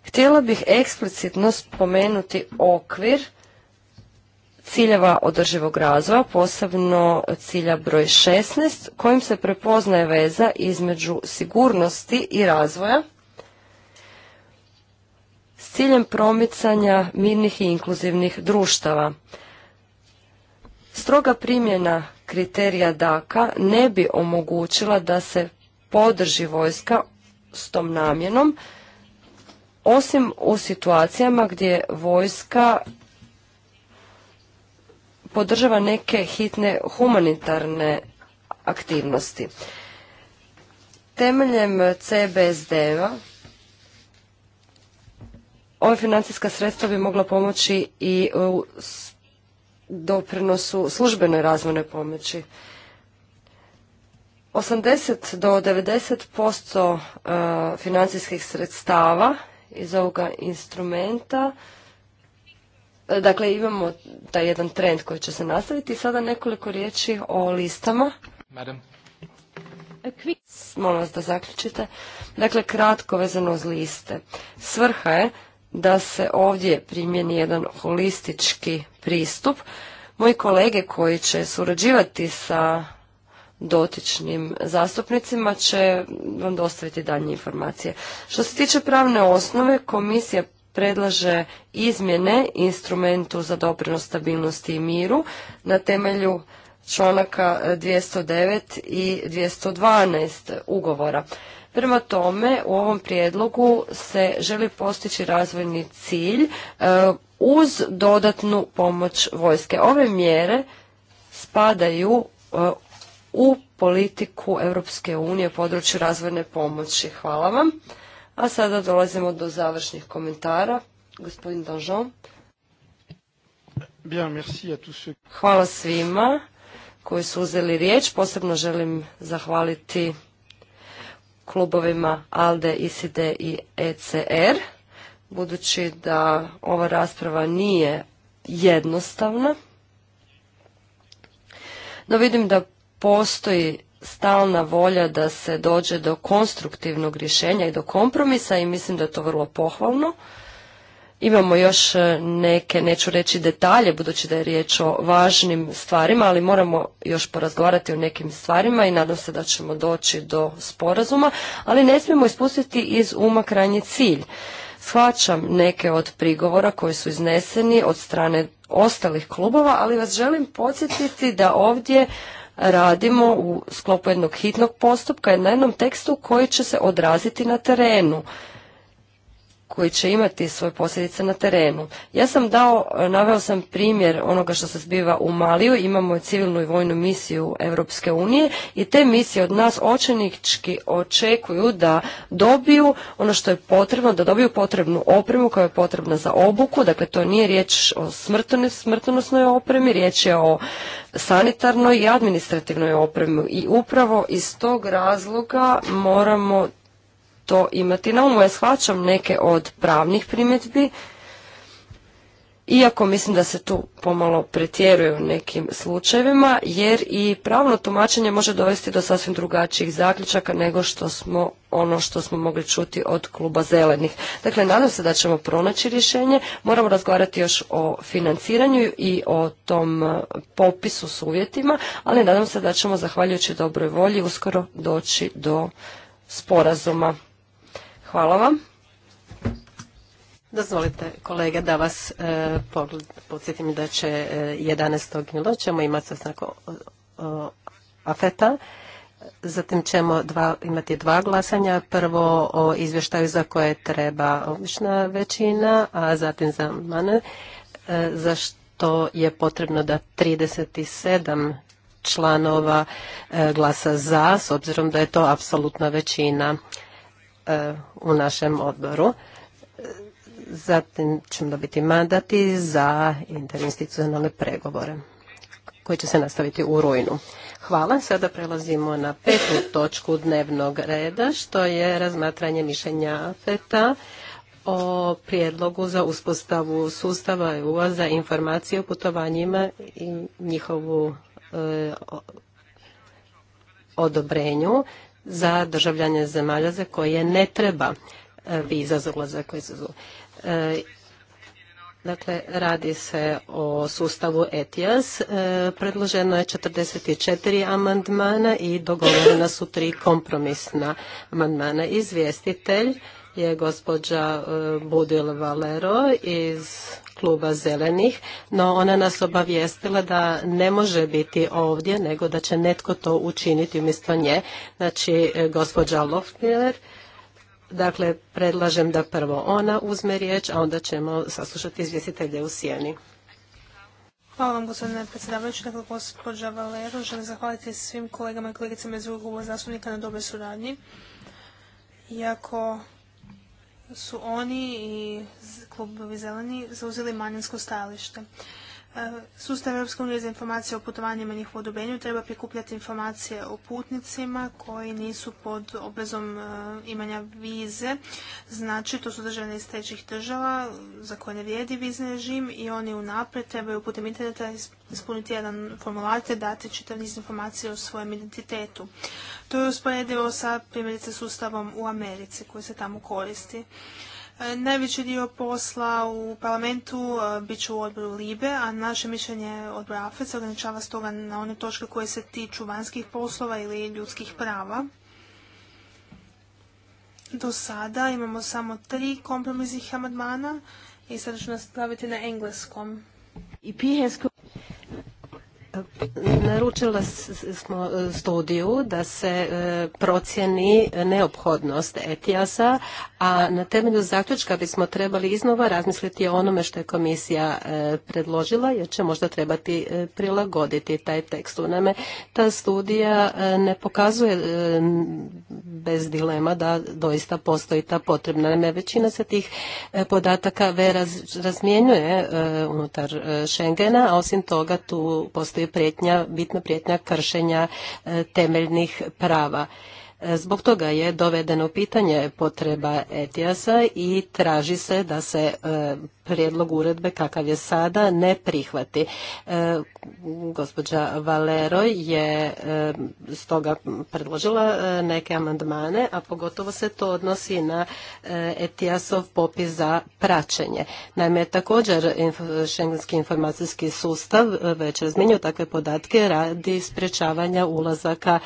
S3: Htjela bih eksplicitno spomenuti okvir ciljeva održivog razvoja, posebno cilja broj 16, kojim se prepoznaje veza između sigurnosti i razvoja s ciljem promicanja mirnih i inkluzivnih društava. Stroga primjena kriterija DAKA ne bi omogućila da se podrži vojska s tom namjenom, osim u situacijama gdje vojska podržava neke hitne humanitarne aktivnosti. Temeljem CBSD-a ove financijska sredstva bi mogla pomoći i u doprinosu službenoj razvojnoj pomoći. 80 do 90% e, financijskih sredstava iz ovoga instrumenta E, dakle, imamo taj jedan trend koji će se nastaviti. Sada nekoliko riječi o listama. Madam. E, Molim vas da zaključite. Dakle, kratko vezano uz liste. Svrha je da se ovdje primjeni jedan holistički pristup. Moji kolege koji će surađivati sa dotičnim zastupnicima će vam dostaviti dalje informacije. Što se tiče pravne osnove, komisija predlaže izmjene instrumentu za doprinos stabilnosti i miru na temelju članaka 209 i 212 ugovora. Prema tome, u ovom prijedlogu se želi postići razvojni cilj e, uz dodatnu pomoć vojske. Ove mjere spadaju e, u politiku Europske unije u području razvojne pomoći. Hvala vam. A sada dolazimo do završnih komentara. Gospodin Danžon. Hvala svima koji su uzeli riječ. Posebno želim zahvaliti klubovima ALDE, ISIDE i ECR, budući da ova rasprava nije jednostavna. No vidim da postoji stalna volja da se dođe do konstruktivnog rješenja i do kompromisa i mislim da je to vrlo pohvalno. Imamo još e, neke, neću reći detalje, budući da je riječ o važnim stvarima, ali moramo još porazgovarati o nekim stvarima i nadam se da ćemo doći do sporazuma, ali ne smijemo ispustiti iz uma krajnji cilj. Shvaćam neke od prigovora koji su izneseni od strane ostalih klubova, ali vas želim podsjetiti da ovdje radimo u sklopu jednog hitnog postupka na jednom tekstu koji će se odraziti na terenu koji će imati svoje posljedice na terenu. Ja sam dao, naveo sam primjer onoga što se zbiva u Maliju, imamo civilnu i vojnu misiju Europske unije i te misije od nas očenički očekuju da dobiju ono što je potrebno, da dobiju potrebnu opremu koja je potrebna za obuku, dakle to nije riječ o smrtonosnoj opremi, riječ je o sanitarnoj i administrativnoj opremi i upravo iz tog razloga moramo to imati na umu. Ja shvaćam neke od pravnih primjetbi, iako mislim da se tu pomalo pretjeruje u nekim slučajevima, jer i pravno tumačenje može dovesti do sasvim drugačijih zaključaka nego što smo ono što smo mogli čuti od kluba zelenih. Dakle, nadam se da ćemo pronaći rješenje. Moramo razgovarati još o financiranju i o tom e, popisu s uvjetima, ali nadam se da ćemo, zahvaljujući dobroj volji, uskoro doći do sporazuma.
S5: Hvala vam. Dozvolite kolege da vas e, podsjetim da će e, 11. ćemo imati sastanak afeta. Zatim ćemo imati dva glasanja. Prvo o izvještaju za koje treba obična većina, a zatim za mane, e, za što je potrebno da 37 članova e, glasa za, s obzirom da je to apsolutna većina. E, u našem odboru. Zatim ćemo dobiti mandati za interinstitucionalne pregovore koji će se nastaviti u rujnu. Hvala. Sada prelazimo na petu točku dnevnog reda, što je razmatranje mišljenja FETA o prijedlogu za uspostavu sustava EU za informacije o putovanjima i njihovu e, odobrenju za državljanje zemalja za koje ne treba e, viza za ulazak u e, Dakle, radi se o sustavu ETIAS. E, predloženo je 44 amandmana i dogovorena su tri kompromisna amandmana. Izvjestitelj je gospođa e, Budil Valero iz kluba Zelenih, no ona nas obavijestila da ne može biti ovdje, nego da će netko to učiniti umjesto nje, znači e, gospođa Loftmiller. Dakle, predlažem da prvo ona uzme riječ, a onda ćemo saslušati izvjestitelje u sjeni.
S2: Hvala vam, gospodine predsjedavajući. Dakle, gospođa Valero, želim zahvaliti svim kolegama i kolegicama iz drugog zastupnika na dobroj suradnji. Iako su oni i klubovi zeleni zauzeli manjinsko stajalište. E, sustav Europske unije za informacije o putovanjima i njihovu odobenju treba prikupljati informacije o putnicima koji nisu pod obvezom e, imanja vize. Znači, to su državljani iz trećih država za koje ne vrijedi vizni režim i oni unaprijed trebaju putem interneta ispuniti jedan formular te dati čitav niz informacija o svojem identitetu. To je usporedivo sa primjerice sustavom u Americi koji se tamo koristi. E, najveći dio posla u parlamentu e, bit će u odboru Libe, a naše mišljenje odbora AFE se ograničava stoga na one točke koje se tiču vanjskih poslova ili ljudskih prava. Do sada imamo samo tri kompromisnih amandmana i sada ću praviti na engleskom. EP
S5: Naručila smo e, studiju da se e, procjeni neophodnost ETIAS-a, na temelju zaključka bismo trebali iznova razmisliti o onome što je komisija e, predložila, jer će možda trebati prilagoditi taj tekst. U name ta studija ne pokazuje bez dilema da doista postoji ta potrebna. Naime, većina se tih podataka razmijenjuje unutar Schengena, a osim toga tu postoji prijetnja, bitna prijetnja kršenja e, temeljnih prava. E, zbog toga je dovedeno pitanje potreba ETIAS-a i traži se da se e, prijedlog uredbe kakav je sada ne prihvati. E, gospođa Valero je e, stoga predložila e, neke amandmane, a pogotovo se to odnosi na Etijasov popis za praćenje. Naime, također Schengenski informacijski sustav već razminju takve podatke radi sprječavanja ulazaka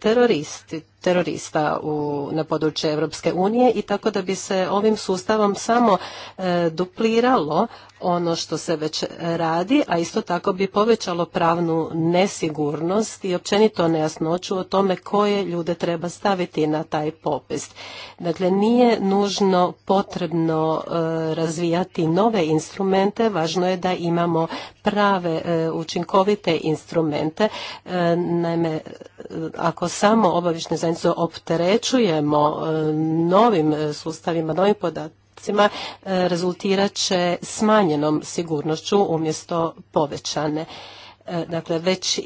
S5: teroristi terorista u, na područje Europske unije i tako da bi se ovim sustavom samo dupli ono što se već radi, a isto tako bi povećalo pravnu nesigurnost i općenito nejasnoću o tome koje ljude treba staviti na taj popis. Dakle, nije nužno potrebno e, razvijati nove instrumente, važno je da imamo prave e, učinkovite instrumente. E, naime, ako samo obavišne zajednice opterećujemo novim sustavima, novim podatkom, postupcima e, rezultirat će smanjenom sigurnošću umjesto povećane. E, dakle, već e,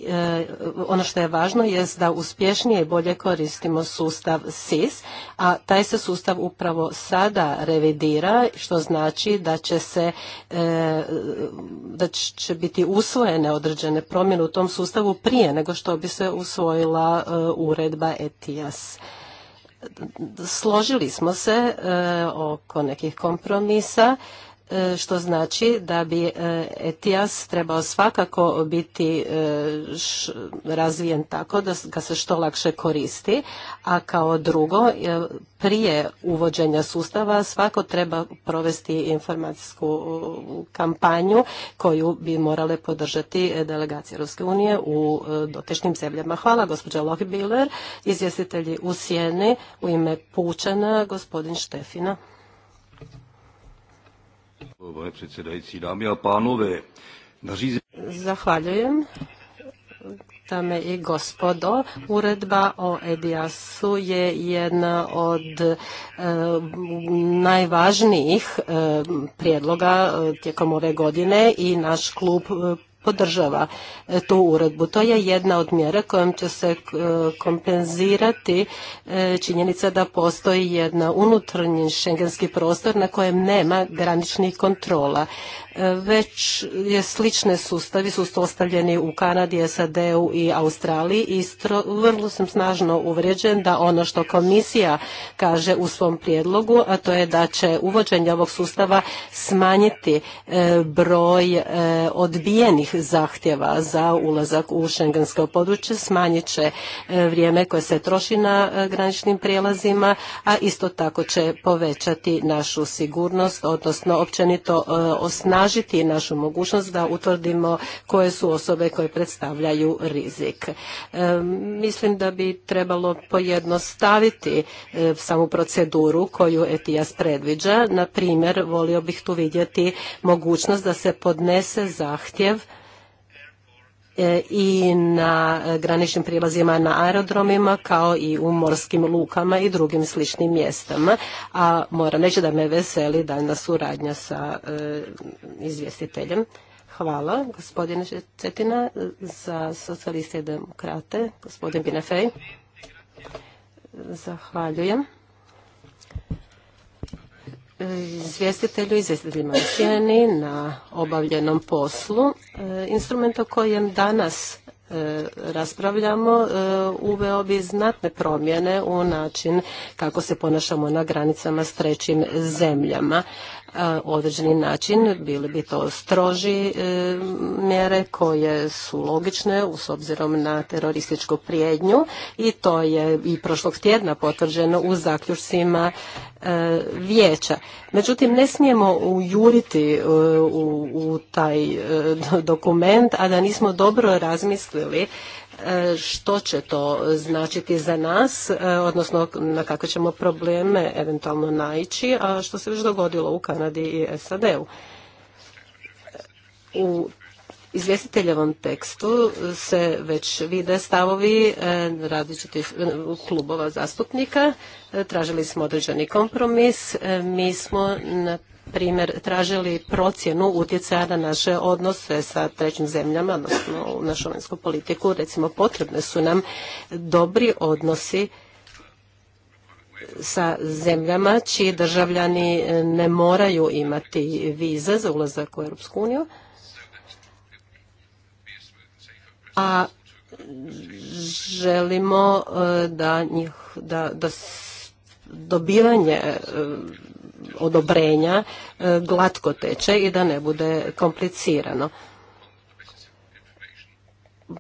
S5: ono što je važno je da uspješnije i bolje koristimo sustav SIS, a taj se sustav upravo sada revidira, što znači da će se da će biti usvojene određene promjene u tom sustavu prije nego što bi se usvojila uredba ETIAS složili smo se e, oko nekih kompromisa E, što znači da bi e, ETIAS trebao svakako biti e, razvijen tako da ga se što lakše koristi, a kao drugo, prije uvođenja sustava svako treba provesti informacijsku kampanju koju bi morale podržati delegacije Europske unije u dotičnim zemljama. Hvala gospođa Lohbiler, izvjestitelji u Sijeni, u ime Pučana, gospodin Štefina. Zahvaljujem. Dame i gospodo, uredba o EBIAS-u je jedna od e, najvažnijih e, prijedloga e, tijekom ove godine i naš klub podržava e, tu uredbu. To je jedna od mjera kojom će se e, kompenzirati e, činjenica da postoji jedna unutarnji šengenski prostor na kojem nema graničnih kontrola. Već je slične sustavi su ostavljeni u Kanadi, SAD-u i Australiji i vrlo sam snažno uvrijeđen da ono što komisija kaže u svom prijedlogu, a to je da će uvođenje ovog sustava smanjiti broj odbijenih zahtjeva za ulazak u šengensko područje, smanjit će e, vrijeme koje se troši na e, graničnim prijelazima, a isto tako će povećati našu sigurnost, odnosno općenito e, osnažiti našu mogućnost da utvrdimo koje su osobe koje predstavljaju rizik. Mislim da bi trebalo pojednostaviti samu proceduru koju ETIAS predviđa. Na primjer, volio bih tu vidjeti mogućnost da se podnese zahtjev E, i na graničnim prijelazima na aerodromima kao i u morskim lukama i drugim sličnim mjestama. A moram reći da me veseli daljna suradnja sa e, izvjestiteljem. Hvala gospodine Cetina za socijaliste i demokrate, gospodin Binefej. Zahvaljujem izvjestitelju, izvjestiteljima u sjeni na obavljenom poslu. E, instrument o kojem danas e, raspravljamo e, uveo bi znatne promjene u način kako se ponašamo na granicama s trećim zemljama određeni način, bili bi to stroži e, mjere koje su logične s obzirom na terorističku prijednju i to je i prošlog tjedna potvrđeno u zaključcima e, vijeća. Međutim, ne smijemo ujuriti e, u taj dokument, a da nismo dobro razmislili E, što će to značiti za nas, e, odnosno na kakve ćemo probleme eventualno naići, a što se već dogodilo u Kanadi i SAD-u. U izvjestiteljevom tekstu se već vide stavovi e, različitih klubova zastupnika. Tražili smo određeni kompromis. Mi smo na primjer tražili procjenu utjecaja na naše odnose sa trećim zemljama, odnosno našu vanjsku politiku. Recimo, potrebne su nam dobri odnosi sa zemljama čiji državljani ne moraju imati vize za ulazak u Europsku uniju. A želimo eh, da, njih, da, da dobivanje eh, odobrenja e, glatko teče i da ne bude komplicirano.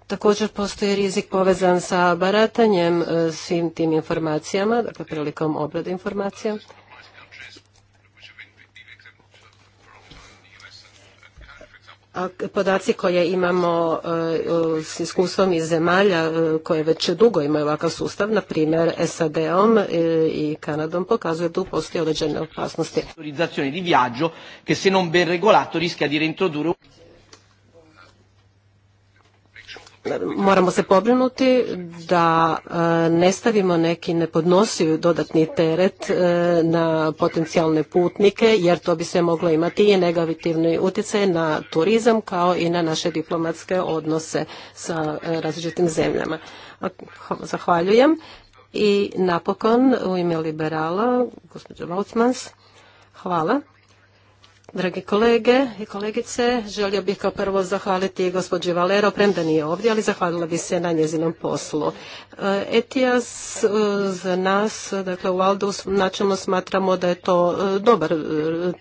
S5: Također postoji rizik povezan sa baratanjem e, svim tim informacijama, dakle prilikom obrade informacija. Podaci koje imamo e, s iskustvom iz zemalja e, koje već dugo imaju ovakav sustav, na primjer SAD-om e, i Kanadom, pokazuje da tu postoje određene opasnosti. moramo se pobrinuti da e, ne stavimo neki nepodnosiv dodatni teret e, na potencijalne putnike jer to bi se moglo imati i negativni utjecaj na turizam kao i na naše diplomatske odnose sa e, različitim zemljama. Zahvaljujem. I napokon u ime liberala, gospođo Valcmans, hvala. Drage kolege i kolegice, želio bih kao prvo zahvaliti gospođi Valero, premda nije ovdje, ali zahvalila bi se na njezinom poslu. E, Etijas e, za nas, dakle u Aldu načelno smatramo da je to e, dobar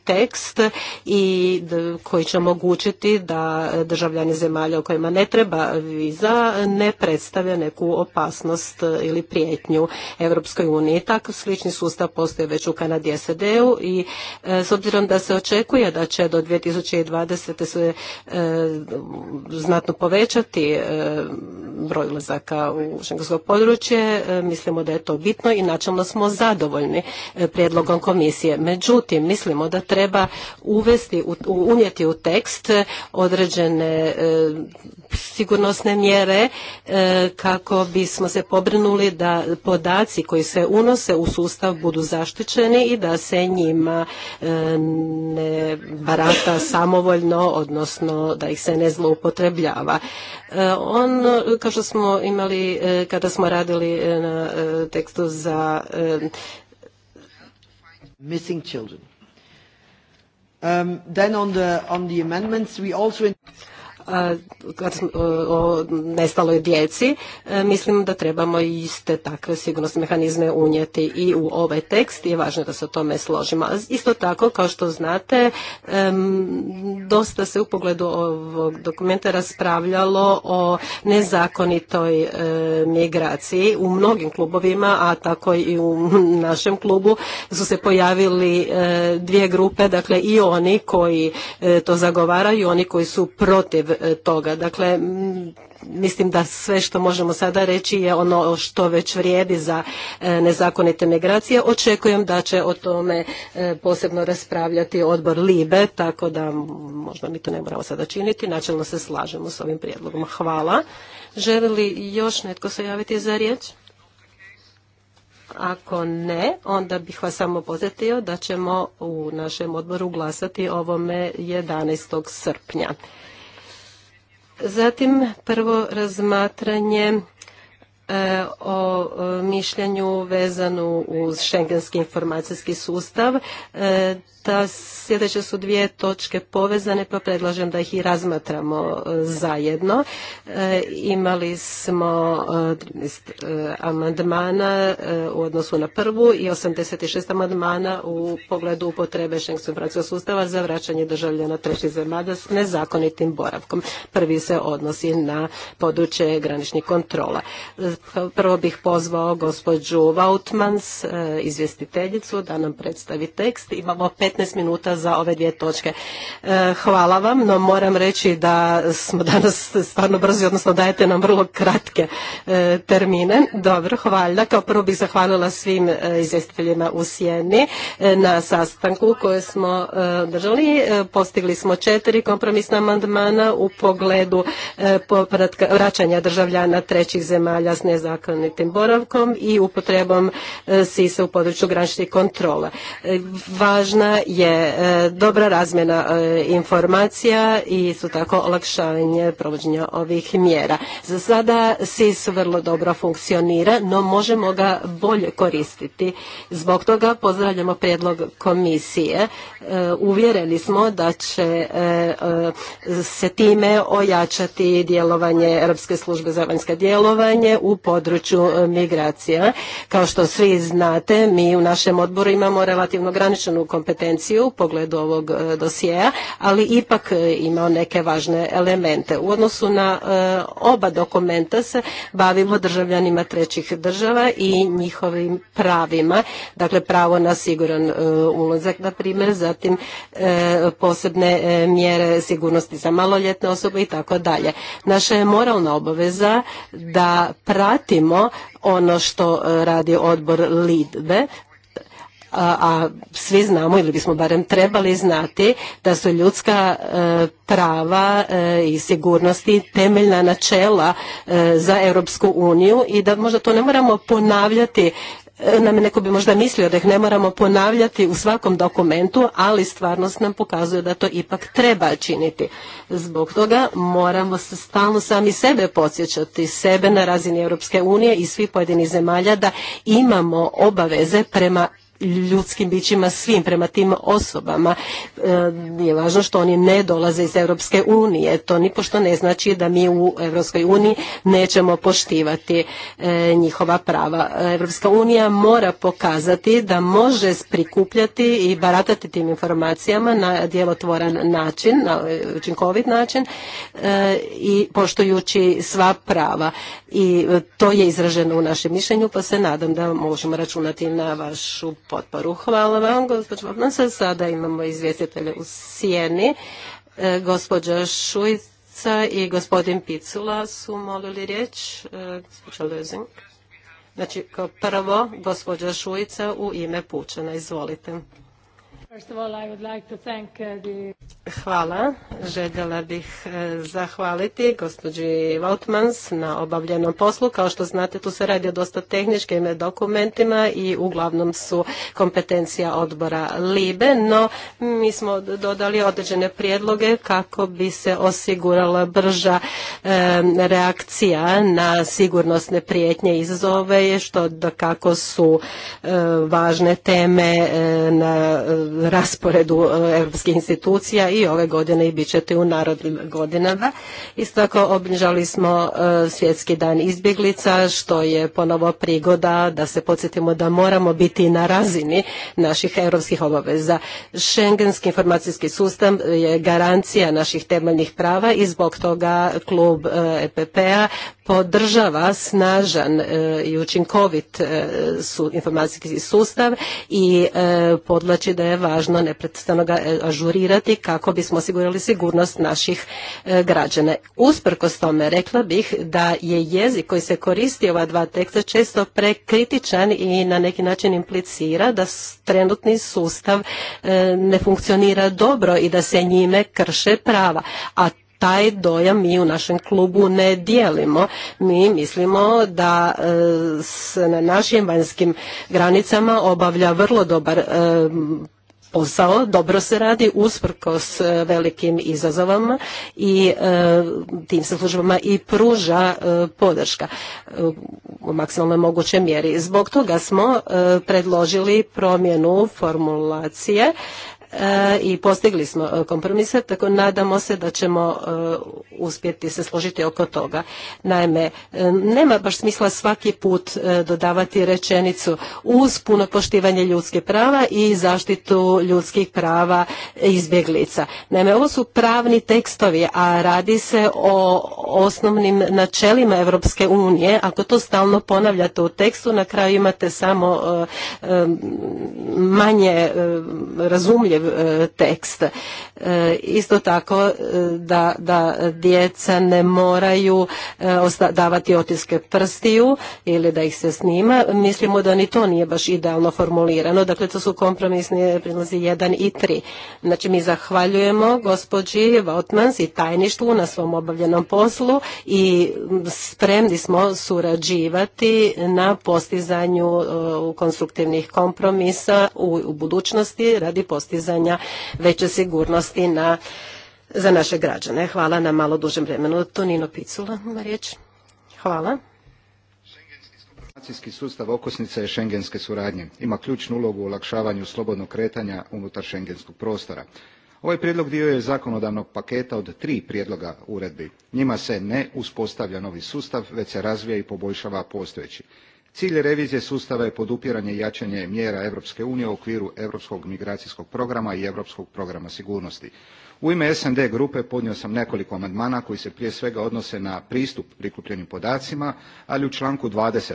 S5: tekst i koji će omogućiti da državljani zemalja u kojima ne treba viza ne predstave neku opasnost ili prijetnju Europskoj uniji. Tako slični sustav postoji već u Kanadi sed u i s obzirom da se očekuje da će do 2020. se e, znatno povećati e, broj ulazaka u šengensko područje. E, mislimo da je to bitno i načelno smo zadovoljni prijedlogom komisije. Međutim, mislimo da treba uvesti, unijeti u tekst određene sigurnosne mjere kako bismo se pobrinuli da podaci koji se unose u sustav budu zaštićeni i da se njima ne barata samovoljno, odnosno da ih se ne zloupotrebljava. E, on, kao što smo imali e, kada smo radili e, na tekstu za missing children. Um, then on on the amendments we also o nestaloj djeci, e, mislim da trebamo iste takve sigurnosne mehanizme unijeti i u ovaj tekst i je važno da se o tome složimo. Isto tako, kao što znate, dosta se u pogledu ovog dokumenta raspravljalo o nezakonitoj e, migraciji u mnogim klubovima, a tako i u našem klubu su se pojavili e, dvije grupe, dakle i oni koji to zagovaraju, oni koji su protiv E, toga. Dakle, mislim da sve što možemo sada reći je ono što već vrijedi za e, nezakonite migracije. Očekujem da će o tome e, posebno raspravljati odbor LIBE, tako da možda mi to ne moramo sada činiti. Načelno se slažemo s ovim prijedlogom. Hvala. Želi li još netko se javiti za riječ? Ako ne, onda bih vas samo podsjetio da ćemo u našem odboru glasati ovome 11. srpnja. Zatim prvo razmatranje E, o e, mišljenju vezanu uz šengenski informacijski sustav. E, ta sljedeće su dvije točke povezane, pa predlažem da ih i razmatramo zajedno. Imali smo amandmana u odnosu na prvu i 86 amandmana u pogledu upotrebe šengenskog informacijskog sustava za vraćanje državljana trećih zemalja s nezakonitim boravkom. Prvi se odnosi na područje graničnih kontrola Prvo bih pozvao gospođu Vautmans, e, izvjestiteljicu, da nam predstavi tekst. Imamo 15 minuta za ove dvije točke. E, hvala vam, no moram reći da smo danas stvarno brzi, odnosno dajete nam vrlo kratke e, termine. Dobro, hvala. Kao prvo bih zahvalila svim izvjestiteljima u Sjeni na sastanku koje smo držali. Postigli smo četiri kompromisna amandmana u pogledu vraćanja državljana trećih zemalja s nezakonitim boravkom i upotrebom e, SIS-a u području graničnih kontrola. E, važna je e, dobra razmjena informacija i su tako olakšavanje provođenja ovih mjera. Za sada SIS vrlo dobro funkcionira, no možemo ga bolje koristiti. Zbog toga pozdravljamo prijedlog komisije. Uvjereni smo da će se time ojačati djelovanje Europske službe za vanjske djelovanje u području e, migracija. Kao što svi znate, mi u našem odboru imamo relativno ograničenu kompetenciju u pogledu ovog e, dosijeja, ali ipak e, imao neke važne elemente. U odnosu na oba dokumenta se bavimo državljanima trećih država i njihovim pravima, dakle pravo na siguran ulazak, na primjer, zatim posebne mjere sigurnosti za maloljetne osobe i tako dalje. Naša je moralna obaveza da pratimo ono što e, radi odbor LIDBE, a, svi znamo ili bismo barem trebali znati da su ljudska e, prava e, i sigurnosti temeljna načela za Europsku uniju i da možda to ne moramo ponavljati E, nam neko bi možda mislio da ih ne moramo ponavljati u svakom dokumentu, ali stvarnost nam pokazuje da to ipak treba činiti. Zbog toga moramo stalno sami sebe podsjećati, sebe na razini Europske unije i svih pojedinih zemalja da imamo obaveze prema ljudskim bićima svim prema tim osobama. E, je važno što oni ne dolaze iz Europske unije. To nipošto ne znači da mi u Europskoj uniji nećemo poštivati e, njihova prava. Europska unija mora pokazati da može prikupljati i baratati tim informacijama na djelotvoran način, na učinkovit način e, i poštujući sva prava. I to je izraženo u našem mišljenju, pa se nadam da možemo računati na vašu potporu. Hvala vam, gospođo Vopnasa. Sada imamo izvjestitelje u sjeni. E, gospođa Šujica i gospodin Picula su molili riječ. E, gospođa Lezing. Znači, kao prvo, gospođa Šujica u ime Pučana. Izvolite. Uh, Hvala. Željela bih e, zahvaliti gospođi Voltmans na obavljenom poslu. Kao što znate, tu se radi o dosta tehničkim dokumentima i uglavnom su kompetencija odbora LIBE, no mi smo dodali određene prijedloge kako bi se osigurala brža e, reakcija na sigurnosne prijetnje izazove, što da kako su e, važne teme na rasporedu europskih institucija i ove godine i bit ćete u narodnim godinama. Isto tako obnižali smo e, svjetski dan izbjeglica što je ponovo prigoda da se podsjetimo da moramo biti na razini naših europskih obaveza. Schengenski informacijski sustav je garancija naših temeljnih prava i zbog toga klub EPP-a e podržava snažan e, i učinkovit e, informacijski sustav i e, podlači da je važno neprestano ga ažurirati kako bismo osigurali sigurnost naših građana. Usprkos tome rekla bih da je jezik koji se koristi ova dva teksta često prekritičan i na neki način implicira da trenutni sustav ne funkcionira dobro i da se njime krše prava. A taj dojam mi u našem klubu ne dijelimo. Mi mislimo da se na našim vanjskim granicama obavlja vrlo dobar e, posao, dobro se radi usprkos e, velikim izazovama i e, tim se službama i pruža podrška u maksimalnoj mogućoj mjeri. Zbog toga smo predložili promjenu formulacije i postigli smo e, kompromise, tako nadamo se da ćemo e, uspjeti se složiti oko toga. Naime, e, nema baš smisla svaki put dodavati rečenicu uz puno poštivanje ljudskih prava i zaštitu ljudskih prava izbjeglica. Naime, ovo su pravni tekstovi, a radi se o osnovnim načelima Evropske unije. Ako to stalno ponavljate u tekstu, na kraju imate samo manje razumljiv E, tekst. E, isto tako e, da, da djeca ne moraju davati otiske prstiju ili da ih se snima. Mislimo da ni to nije baš idealno formulirano. Dakle, to su kompromisni prilazi 1 i 3. Znači, mi zahvaljujemo gospođi Votmans i tajništvu na svom obavljenom poslu i spremni smo surađivati na postizanju konstruktivnih kompromisa u budućnosti radi postizanja postizanja veće sigurnosti na, za naše građane. Hvala na malo dužem vremenu. Tonino Picula ima riječ.
S4: Hvala. Informacijski sustav okosnica je šengenske suradnje. Ima ključnu ulogu u olakšavanju slobodnog kretanja unutar šengenskog prostora. Ovaj prijedlog dio je zakonodavnog paketa od tri prijedloga uredbi. Njima se ne uspostavlja novi sustav, već se razvija i poboljšava postojeći. Cilj revizije sustava je podupiranje i jačanje mjera Europske unije u okviru Europskog migracijskog programa i Europskog programa sigurnosti. U ime SND grupe podnio sam nekoliko amandmana koji se prije svega odnose na pristup prikupljenim podacima, ali u članku 20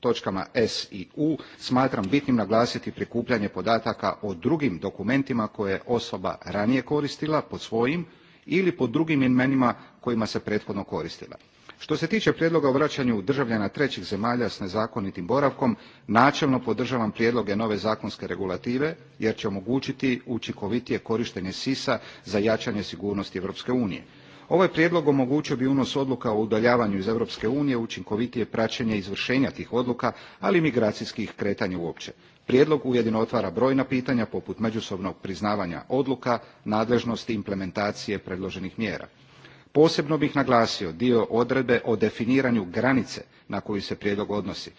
S4: točkama S i U smatram bitnim naglasiti prikupljanje podataka o drugim dokumentima koje je osoba ranije koristila pod svojim ili pod drugim imenima kojima se prethodno koristila što se tiče prijedloga o vraćanju državljana trećih zemalja s nezakonitim boravkom načelno podržavam prijedloge nove zakonske regulative jer će omogućiti učinkovitije korištenje sis a za jačanje sigurnosti europske unije. ovaj prijedlog omogućio bi unos odluka o udaljavanju iz europske unije učinkovitije praćenje izvršenja tih odluka ali i migracijskih kretanja uopće. prijedlog ujedino otvara brojna pitanja poput međusobnog priznavanja odluka nadležnosti implementacije predloženih mjera posebno bih naglasio dio odredbe o definiranju granice na koju se prijedlog odnosi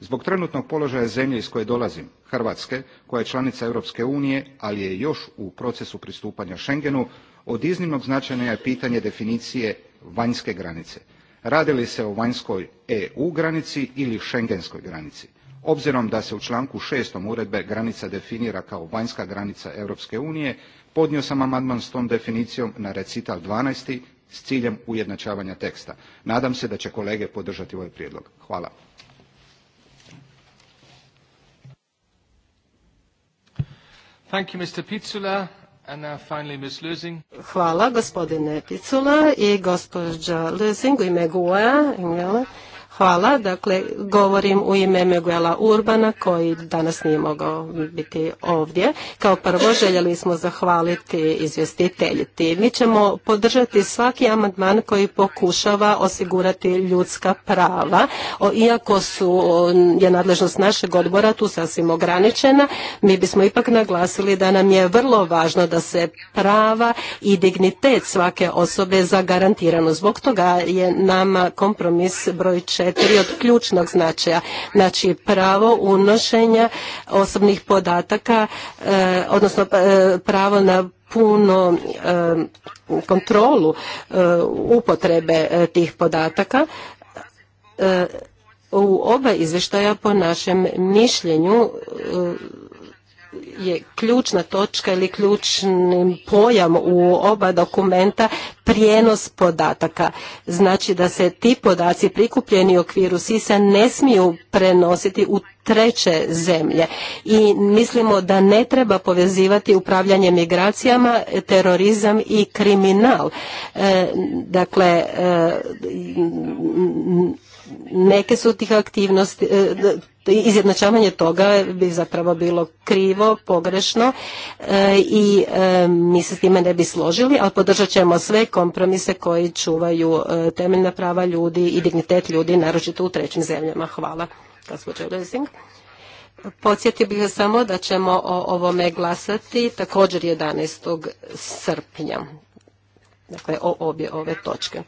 S4: zbog trenutnog položaja zemlje iz koje dolazim hrvatske koja je članica europske unije ali je još u procesu pristupanja schengenu od iznimnog značaja je pitanje definicije vanjske granice radi li se o vanjskoj eu granici ili schengenskoj granici obzirom da se u članku six uredbe granica definira kao vanjska granica europske unije podnio sam amandman s tom definicijom na recital twelve s ciljem ujednačavanja teksta. Nadam se da će kolege podržati ovaj prijedlog. Hvala.
S1: Thank you, Mr. Picula. And finally, Ms. Lusing.
S5: Hvala gospodine Picula i gospođa Lusing u ime GUA. Hvala. Dakle, govorim u ime Meguela Urbana koji danas nije mogao biti ovdje. Kao prvo željeli smo zahvaliti izvjestiteljiti. Mi ćemo podržati svaki amandman koji pokušava osigurati ljudska prava. Iako su, je nadležnost našeg odbora tu sasvim ograničena, mi bismo ipak naglasili da nam je vrlo važno da se prava i dignitet svake osobe zagarantirano. Zbog toga je nama kompromis broj četiri od ključnog značaja. Znači pravo unošenja osobnih podataka, e, odnosno e, pravo na puno e, kontrolu upotrebe tih podataka u oba izvještaja po našem mišljenju je ključna točka ili ključni pojam u oba dokumenta prijenos podataka. Znači da se ti podaci prikupljeni u okviru SISA ne smiju prenositi u treće zemlje i mislimo da ne treba povezivati upravljanje migracijama, terorizam i kriminal. E, dakle, e, neke su tih aktivnosti, e, izjednačavanje toga bi zapravo bilo krivo, pogrešno e, i e, mi se s time ne bi složili, ali podržat ćemo sve kompromise koji čuvaju e, temeljna prava ljudi i dignitet ljudi, naročito u trećim zemljama. Hvala. Podsjetio bih samo da ćemo o ovome glasati također 11. srpnja. Dakle, o obje ove točke.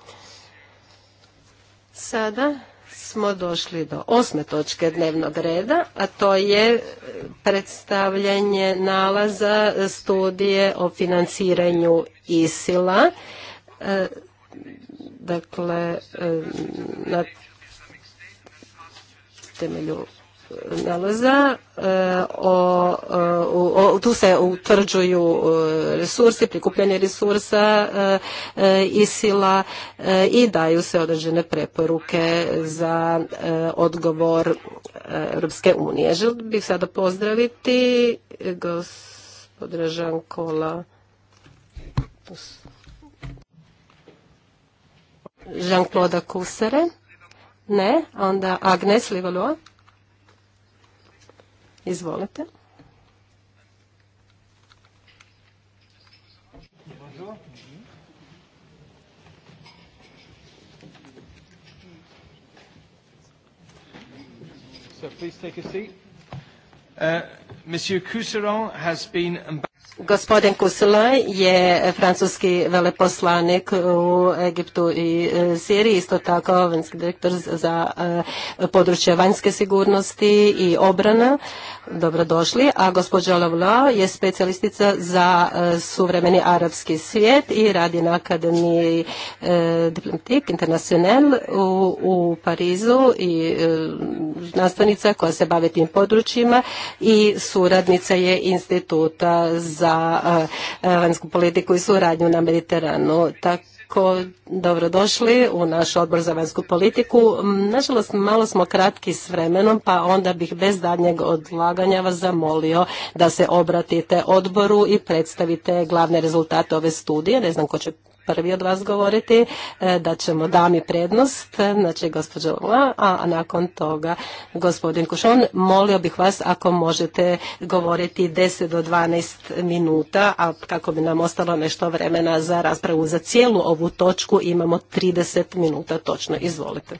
S5: Sada smo došli do osme točke dnevnog reda, a to je e, predstavljanje nalaza studije o financiranju ISIL-a. E, dakle, e, na temelju nalaza. E, e, o, tu se utvrđuju e, resursi, prikupljanje resursa i sila i daju se određene preporuke za odgovor Europske unije. Želio bih sada pozdraviti gospodina Žankola. Jean-Claude Kusere. Ne, onda Agnes Livaloa. Izvolite.
S1: So please take a seat. Uh, Monsieur Cousseron has been
S5: Gospodin Kusula je francuski veleposlanik u Egiptu i e, Siriji, isto tako vanjski direktor za e, područje vanjske sigurnosti i obrana. Dobrodošli. A gospođa Lovla je specijalistica za e, suvremeni arapski svijet i radi na Akademiji Diplomatique International u, Parizu i nastavnica koja se bavi tim područjima i suradnica je instituta za za e, e, vanjsku politiku i suradnju na Mediteranu. Tako dobrodošli u naš odbor za vanjsku politiku. Nažalost, malo smo kratki s vremenom, pa onda bih bez daljnjeg odlaganja vas zamolio da se obratite odboru i predstavite glavne rezultate ove studije. Ne znam ko će prvi od vas govoriti, e, da ćemo dami prednost, znači gospođa Ula, a nakon toga gospodin Kušon. Molio bih vas ako možete govoriti 10 do 12 minuta, a kako bi nam ostalo nešto vremena za raspravu za cijelu ovu točku imamo 30 minuta točno. Izvolite.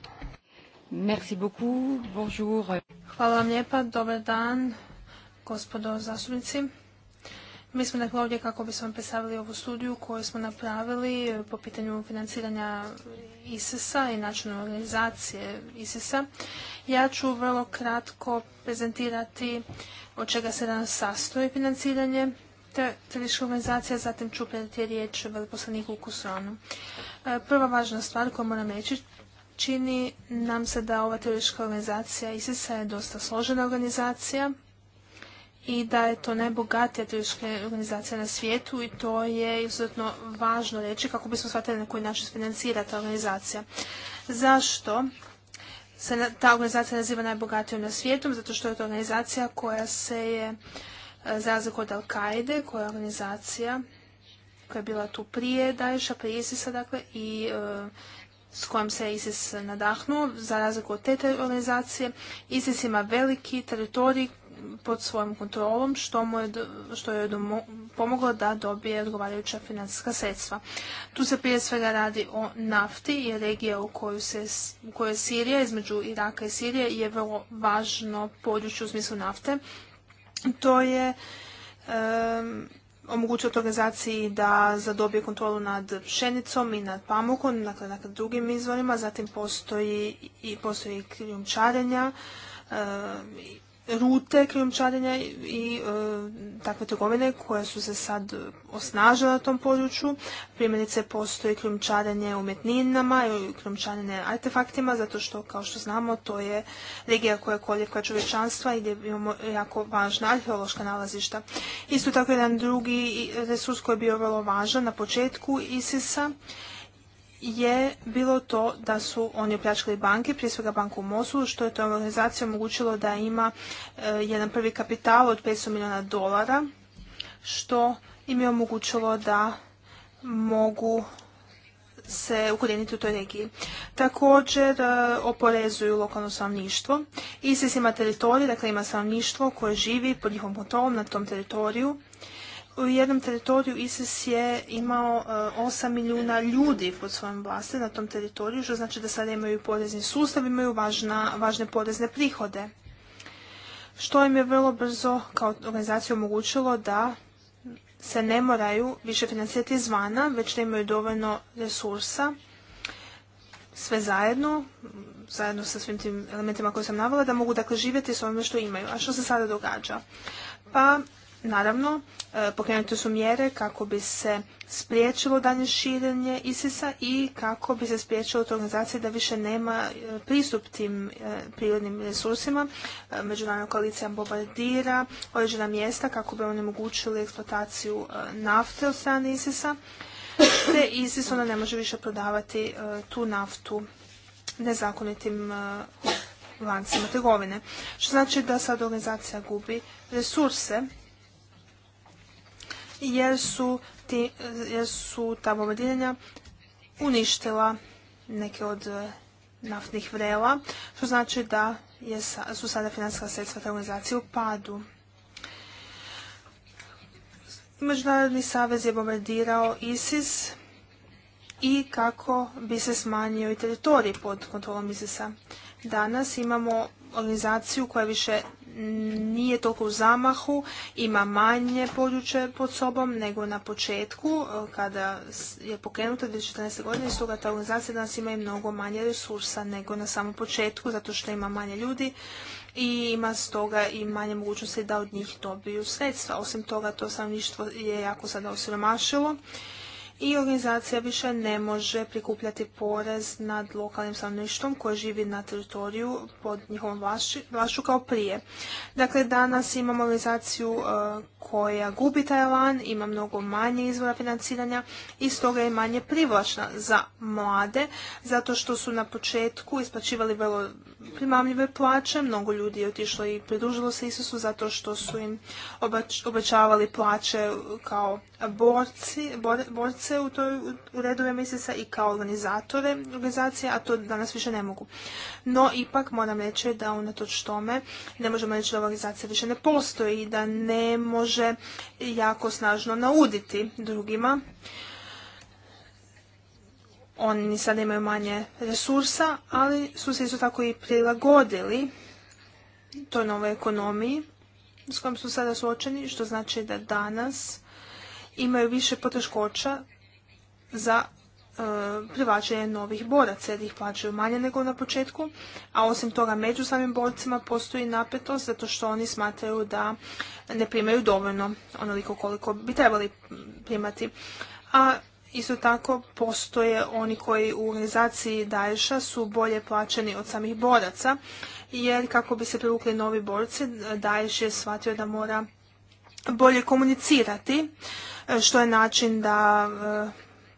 S2: Merci beaucoup. Bonjour. Hvala vam lijepa. Dobar dan, gospodo zastupnici. Mi smo dakle ovdje kako bismo predstavili ovu studiju koju smo napravili e, po pitanju financiranja ISIS-a i načinu organizacije ISIS-a. Ja ću vrlo kratko prezentirati od čega se danas sastoji financiranje teroristička organizacija, zatim ću predati riječ veliposlaniku Kusronu. E, prva važna stvar koju moram reći, čini nam se da ova teorička organizacija ISIS-a je dosta složena organizacija, i da je to najbogatija turistička organizacija na svijetu i to je izuzetno važno reći kako bismo shvatili na koji način financira ta organizacija. Zašto se ta organizacija naziva najbogatijom na svijetu? Zato što je to organizacija koja se je, e, za razliku od al koja je organizacija koja je bila tu prije Daješa, prije Isisa, dakle, i e, s kojom se ISIS nadahnuo, za razliku od te organizacije. ISIS ima veliki teritorij pod svojom kontrolom što, mu je, što je pomoglo da dobije odgovarajuća financijska sredstva. Tu se prije svega radi o nafti i regija u kojoj, se, u kojoj je Sirija, između Iraka i Sirije, je vrlo važno područje u smislu nafte. To je um, omogućuje organizaciji da zadobije kontrolu nad pšenicom i nad pamukom, dakle nad drugim izvorima, zatim postoji i postoji krijumčarenja i rute krijumčarenja i e, takve trgovine koje su se sad osnažile na tom području. Primjerice postoji krijumčarenje umjetninama i krijumčarenje artefaktima zato što kao što znamo to je regija koja je koljevka čovječanstva i gdje imamo jako važna arheološka nalazišta. Isto tako jedan drugi resurs koji je bio vrlo važan na početku ISIS-a je bilo to da su oni opljačkali banke, prije svega banku u Mosulu, što je to organizacija omogućilo da ima eh, jedan prvi kapital od 500 milijuna dolara, što im je omogućilo da mogu se ukorijeniti u toj regiji. Također eh, oporezuju lokalno stanovništvo. ISIS ima teritorij, dakle ima stanovništvo koje živi pod njihovom kontrolom na tom teritoriju u jednom teritoriju ISIS je imao 8 e, milijuna ljudi pod svojom vlasti na tom teritoriju, što znači da sada imaju porezni sustav, imaju važne porezne prihode. Što im je vrlo brzo kao organizaciju omogućilo da se ne moraju više financirati izvana, već da imaju dovoljno resursa sve zajedno, zajedno sa svim tim elementima koje sam navela, da mogu dakle živjeti s ovime što imaju. A što se sada događa? Pa Naravno, e, pokrenute su mjere kako bi se spriječilo dalje širenje ISIS-a i kako bi se spriječilo od organizacije da više nema e, pristup tim e, prirodnim resursima. Međunarodna koalicija bombardira određena mjesta kako bi onemogućili eksploataciju nafte od strane ISIS-a. Te ISIS onda ne može više prodavati tu naftu nezakonitim lancima trgovine. Što znači da sad organizacija gubi resurse jer su, ta bombardiranja uništila neke od e, naftnih vrela, što znači da su sada financijska sredstva te organizacije u padu. Međunarodni savez je bombardirao ISIS i kako bi se smanjio i teritorij pod kontrolom ISIS-a. Danas imamo organizaciju koja više nije toliko u zamahu, ima manje područje pod sobom nego na početku e, kada je pokrenuta 2014. godine i stoga ta organizacija danas ima i mnogo manje resursa nego na samom početku zato što ima manje ljudi i ima stoga i manje mogućnosti da od njih dobiju sredstva. Osim toga to stanovništvo je jako sada osiromašilo i organizacija više ne može prikupljati porez nad lokalnim stanovništvom koje živi na teritoriju pod njihovom vlašću kao prije. Dakle, danas imamo organizaciju e, koja gubi taj ima mnogo manje izvora financiranja i stoga je manje privlačna za mlade, zato što su na početku isplaćivali vrlo primamljive plaće. Mnogo ljudi je otišlo i pridružilo se Isusu zato što su im obećavali plaće kao borci, borce u, toj, u i kao organizatore organizacije, a to danas više ne mogu. No, ipak moram reći da unatoč tome ne možemo reći da organizacija više ne postoji i da ne može jako snažno nauditi drugima oni sada imaju manje resursa, ali su se isto tako i prilagodili toj novoj ekonomiji s kojom su sada suočeni, što znači da danas imaju više poteškoća za e, privlačenje novih boraca jer ih plaćaju manje nego na početku, a osim toga među samim borcima postoji napetost zato što oni smatraju da ne primaju dovoljno onoliko koliko bi trebali primati. A Isto tako postoje oni koji u organizaciji Daesha su bolje plaćeni od samih boraca, jer kako bi se privukli novi borci, Daesh je shvatio da mora bolje komunicirati, što je način da e,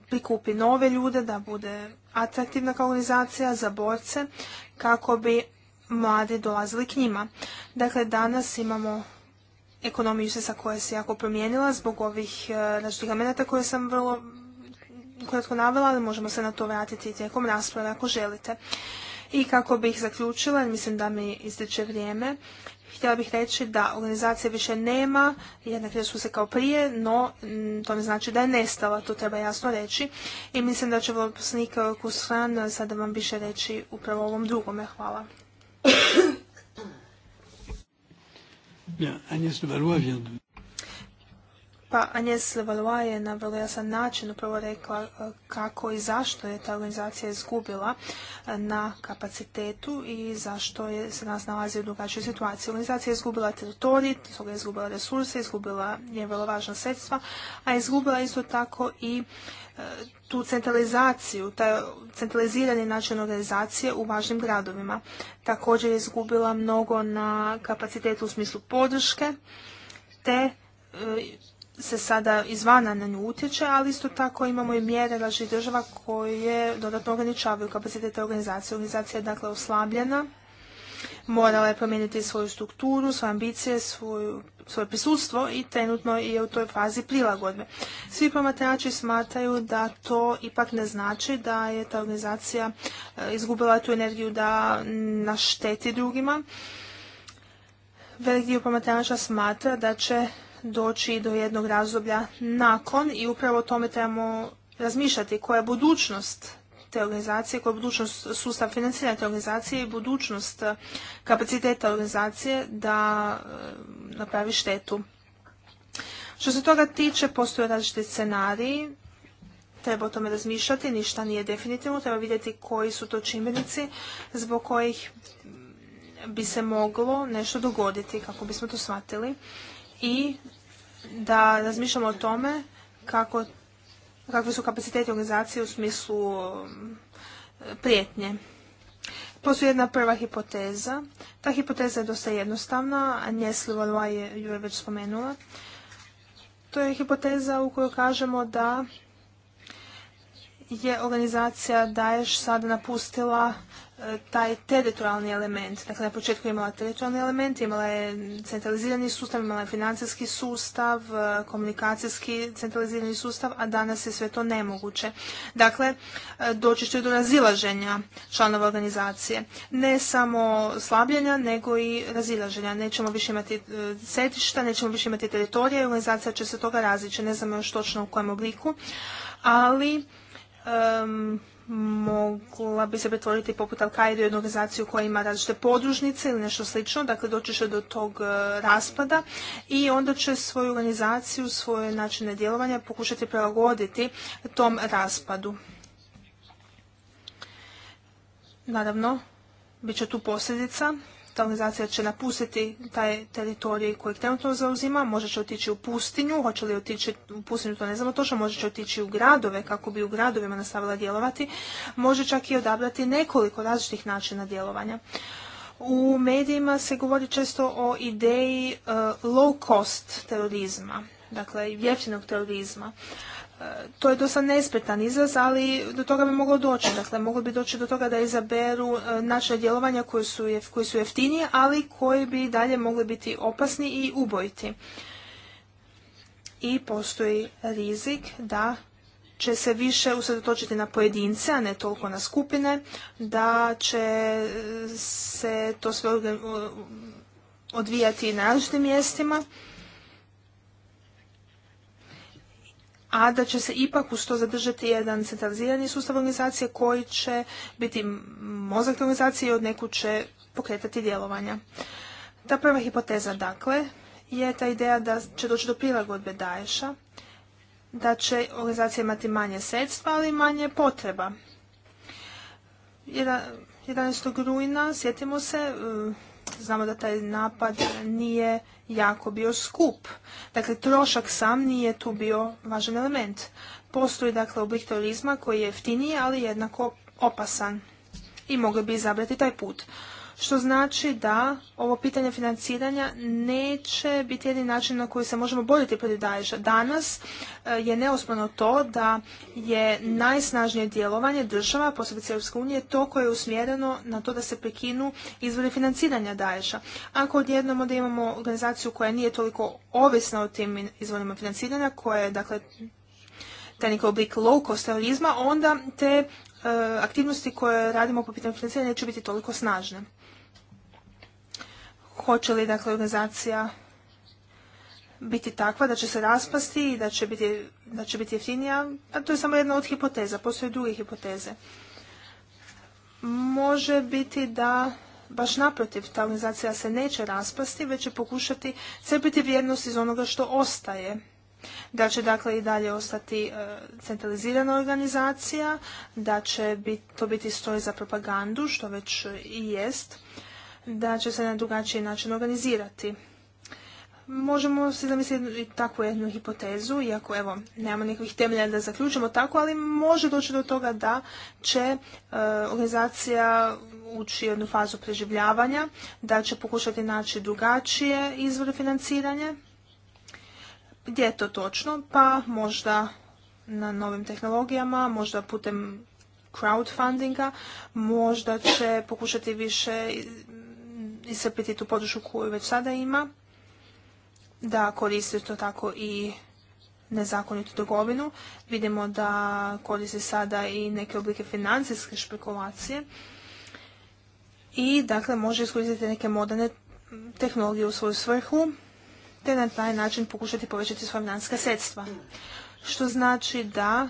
S2: prikupi nove ljude, da bude atraktivna kao organizacija za borce, kako bi mladi dolazili k njima. Dakle, danas imamo ekonomiju sa koja se jako promijenila zbog ovih e, različitih elemenata koje sam vrlo kratko navela, ali možemo se na to vratiti tijekom rasprave ako želite. I kako bih zaključila, mislim da mi ističe vrijeme, htjela bih reći da organizacije više nema, jednake su se kao prije, no mm, to ne znači da je nestala, to treba jasno reći. I mislim da će veleposlanik Kusran sada vam više reći upravo ovom drugome. Hvala. Pa Agnes Levalois je na vrlo jasan način upravo rekla e, kako i zašto je ta organizacija izgubila e, na kapacitetu i zašto je se nas nalazi u drugačijoj situaciji. Organizacija je izgubila teritorij, toga je izgubila resurse, izgubila je vrlo važna sredstva, a izgubila isto tako i e, tu centralizaciju, taj centralizirani način organizacije u važnim gradovima. Također je izgubila mnogo na kapacitetu u smislu podrške te se sada izvana na nju utječe, ali isto tako imamo i mjere različitih država koje dodatno ograničavaju kapacitete organizacije. Organizacija je dakle oslabljena, morala je promijeniti svoju strukturu, svoje ambicije, svoju, svoje prisutstvo i trenutno je u toj fazi prilagodbe. Svi promatrači smatraju da to ipak ne znači da je ta organizacija e, izgubila tu energiju da našteti drugima. Velik dio promatrača smatra da će doći do jednog razdoblja nakon i upravo o tome trebamo razmišljati koja je budućnost te organizacije, koja je budućnost sustav financiranja te organizacije i budućnost e, kapaciteta organizacije da e, napravi štetu. Što se toga tiče, postoje različiti scenariji, treba o tome razmišljati, ništa nije definitivno, treba vidjeti koji su to čimbenici zbog kojih bi se moglo nešto dogoditi, kako bismo to shvatili i da razmišljamo o tome kako, kakvi su kapaciteti organizacije u smislu um, prijetnje. Postoji jedna prva hipoteza. Ta hipoteza je dosta jednostavna, a Njesli je ju je već spomenula. To je hipoteza u kojoj kažemo da je organizacija Daesh sada napustila e, taj teritorijalni element. Dakle, na početku je imala teritorijalni element, imala je centralizirani sustav, imala je financijski sustav, e, komunikacijski centralizirani sustav, a danas je sve to nemoguće. Dakle, e, doći će do razilaženja članova organizacije. Ne samo slabljenja, nego i razilaženja. Nećemo više imati setišta, nećemo više imati teritorija i organizacija će se toga različiti. Ne znamo još točno u kojem obliku, ali mogla bi se pretvoriti poput Al-Qaida u jednu organizaciju koja ima različite podružnice ili nešto slično, dakle doći će do tog e, raspada i onda će svoju organizaciju, svoje načine djelovanja pokušati prilagoditi tom raspadu. Naravno, bit će tu posljedica organizacija će napustiti taj teritorij koji trenutno zauzima, može će otići u pustinju, hoće li otići u pustinju, to ne znamo točno, može će otići u gradove kako bi u gradovima nastavila djelovati, može čak i odabrati nekoliko različitih načina djelovanja. U medijima se govori često o ideji eh, low cost terorizma, dakle jeftinog terorizma to je dosta nespretan izraz, ali do toga bi moglo doći. Dakle, moglo bi doći do toga da izaberu e, načine djelovanja koji su, koji su jeftiniji, ali koji bi dalje mogli biti opasni i ubojiti. I postoji rizik da će se više usredotočiti na pojedince, a ne toliko na skupine, da će e, se to sve odvijati na različitim mjestima a da će se ipak uz to zadržati jedan centralizirani sustav organizacije koji će biti mozak organizacije i od neku će pokretati djelovanja. Ta prva hipoteza, dakle, je ta ideja da će doći do prilagodbe Daješa, da će organizacija imati manje sredstva, ali manje potreba. 11. rujna, sjetimo se, znamo da taj napad nije jako bio skup. Dakle, trošak sam nije tu bio važan element. Postoji dakle oblik terorizma koji je jeftiniji, ali jednako opasan i mogli bi izabrati taj put što znači da ovo pitanje financiranja neće biti jedini način na koji se možemo boriti protiv Daješa. Danas e, je neosporno to da je najsnažnije djelovanje država, posebice Europske unije, to koje je usmjereno na to da se prekinu izvori financiranja Daješa. Ako odjednom da imamo organizaciju koja nije toliko ovisna o tim izvorima financiranja, koja je dakle taj oblik low cost terorizma, onda te e, aktivnosti koje radimo po pitanju financiranja neće biti toliko snažne hoće li dakle, organizacija biti takva da će se raspasti i da će biti, jeftinija, a to je samo jedna od hipoteza, postoje druge hipoteze. Može biti da baš naprotiv ta organizacija se neće raspasti, već će pokušati crpiti vrijednost iz onoga što ostaje. Da će dakle i dalje ostati e, centralizirana organizacija, da će to biti stoj za propagandu, što već i jest, da će se na drugačiji način organizirati. Možemo se zamisliti takvu jednu hipotezu, iako evo, nemamo nekih temelja da zaključimo tako, ali može doći do toga da će e, organizacija ući jednu fazu preživljavanja, da će pokušati naći drugačije izvore financiranja. Gdje je to točno? Pa možda na novim tehnologijama, možda putem crowdfundinga, možda će pokušati više iscrpiti tu podršku koju već sada ima, da koriste to tako i nezakonitu trgovinu. Vidimo da koriste sada i neke oblike financijske špekulacije i dakle može iskoristiti neke moderne tehnologije u svoju svrhu te na taj način pokušati povećati svoja financijska sredstva. Što znači da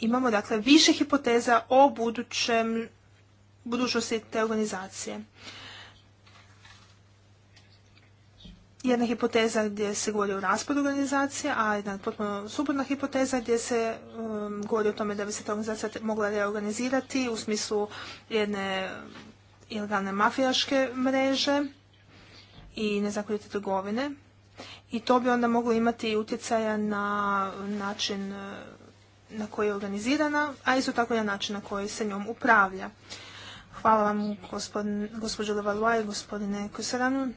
S2: imamo dakle više hipoteza o budućem, budućnosti te organizacije. jedna hipoteza gdje se govori o raspadu organizacije, a jedna potpuno suprotna hipoteza gdje se um, govori o tome da bi se ta organizacija mogla reorganizirati u smislu jedne ilegalne mafijaške mreže i nezakonite trgovine. I to bi onda moglo imati utjecaja na način na koji je organizirana, a isto tako i na način na koji se njom upravlja. Hvala vam, gospođo Levalois i gospodine Kusaranu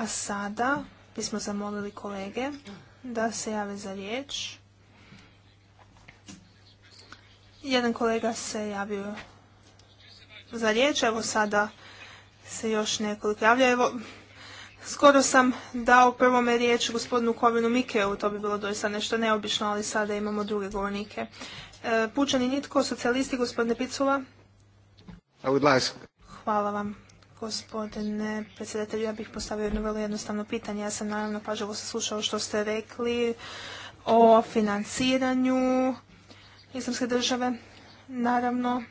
S2: a sada bismo zamolili kolege da se jave za riječ. Jedan kolega se javio za riječ. Evo sada se još nekoliko javlja. Evo, skoro sam dao prvome riječ gospodinu Kovinu Mikeu, to bi bilo doista nešto neobično, ali sada imamo druge govornike. E, Pučani nitko, socijalisti, gospodine Picula. Hvala vam. Gospodine predsjedatelju, ja bih postavio jedno vrlo jednostavno pitanje. Ja sam naravno pažljivo saslušao što ste rekli o financiranju islamske države. Naravno,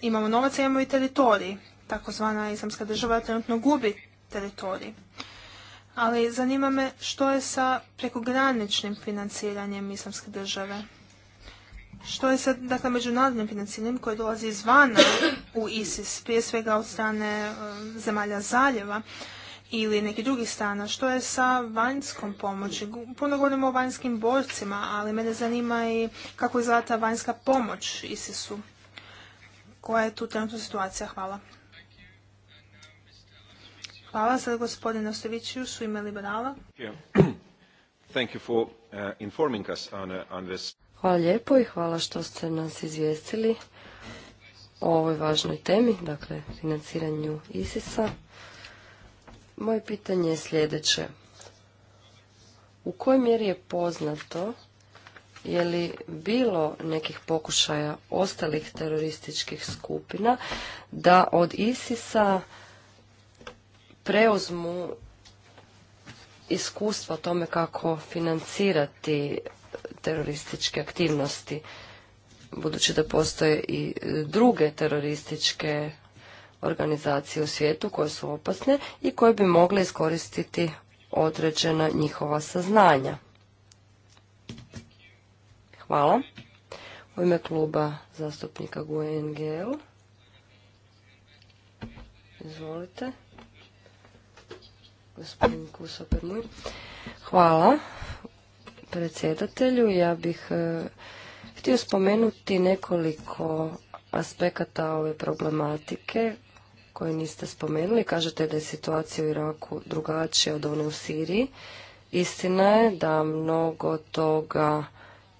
S2: imamo i imamo i teritorij. Takozvana islamska država trenutno gubi teritorij. Ali zanima me što je sa prekograničnim financiranjem islamske države. Što je sa dakle, međunarodnim financiranjem koje dolazi izvana u ISIS, prije svega od strane e, zemalja zaljeva ili nekih drugih strana? Što je sa vanjskom pomoći? Puno govorimo o vanjskim borcima, ali mene zanima i kako je zlata vanjska pomoć ISIS-u. Koja je tu trenutna situacija? Hvala. Hvala. za gospodin Ostoviću su ime liberala.
S4: Thank you for uh, informing uh,
S3: Hvala lijepo i hvala što ste nas izvijestili o ovoj važnoj temi, dakle financiranju ISIS-a. Moje pitanje je sljedeće. U kojoj mjeri je poznato je li bilo nekih pokušaja ostalih terorističkih skupina da od ISIS-a preuzmu iskustva o tome kako financirati terorističke aktivnosti, budući da postoje i e, druge terorističke organizacije u svijetu koje su opasne i koje bi mogle iskoristiti određena njihova saznanja. Hvala. U ime kluba zastupnika GUNGL. Izvolite. Gospodin Hvala predsjedatelju. Ja bih e, htio spomenuti nekoliko aspekata ove problematike koje niste spomenuli. Kažete da je situacija u Iraku drugačija od one u Siriji. Istina je da mnogo toga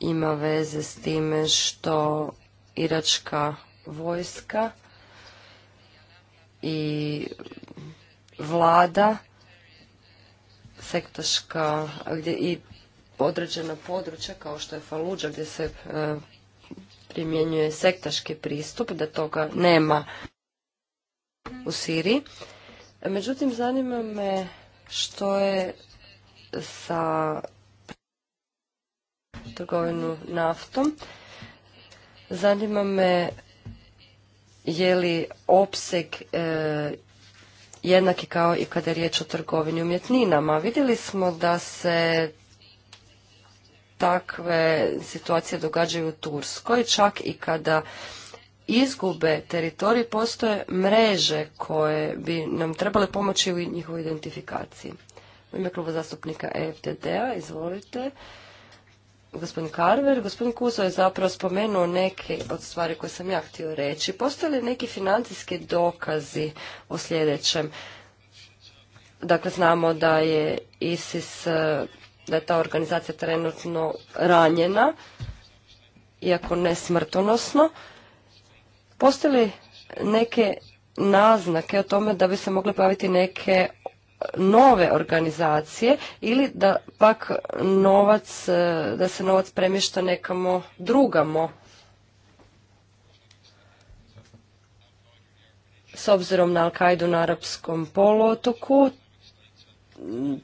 S3: ima veze s time što iračka vojska i vlada sektaška i određena područja kao što je Faluđa gdje se e, primjenjuje sektaški pristup, da toga nema u Siriji. Međutim, zanima me što je sa trgovinu naftom. Zanima me je li opseg e, jednaki kao i kada je riječ o trgovini umjetninama. Vidjeli smo da se takve situacije događaju u Turskoj, čak i kada izgube teritorij, postoje mreže koje bi nam trebale pomoći u njihovoj identifikaciji. U ime kluba zastupnika eftd izvolite. Gospodin Karver, gospodin Kuzo je zapravo spomenuo neke od stvari koje sam ja htio reći. Postoje li neki financijski dokazi o sljedećem? Dakle, znamo da je ISIS da je ta organizacija trenutno ranjena, iako ne smrtonosno. Postoje li neke naznake o tome da bi se mogle pojaviti neke nove organizacije ili da pak novac, e, da se novac premješta nekamo drugamo s obzirom na Al-Kaidu na arapskom poluotoku,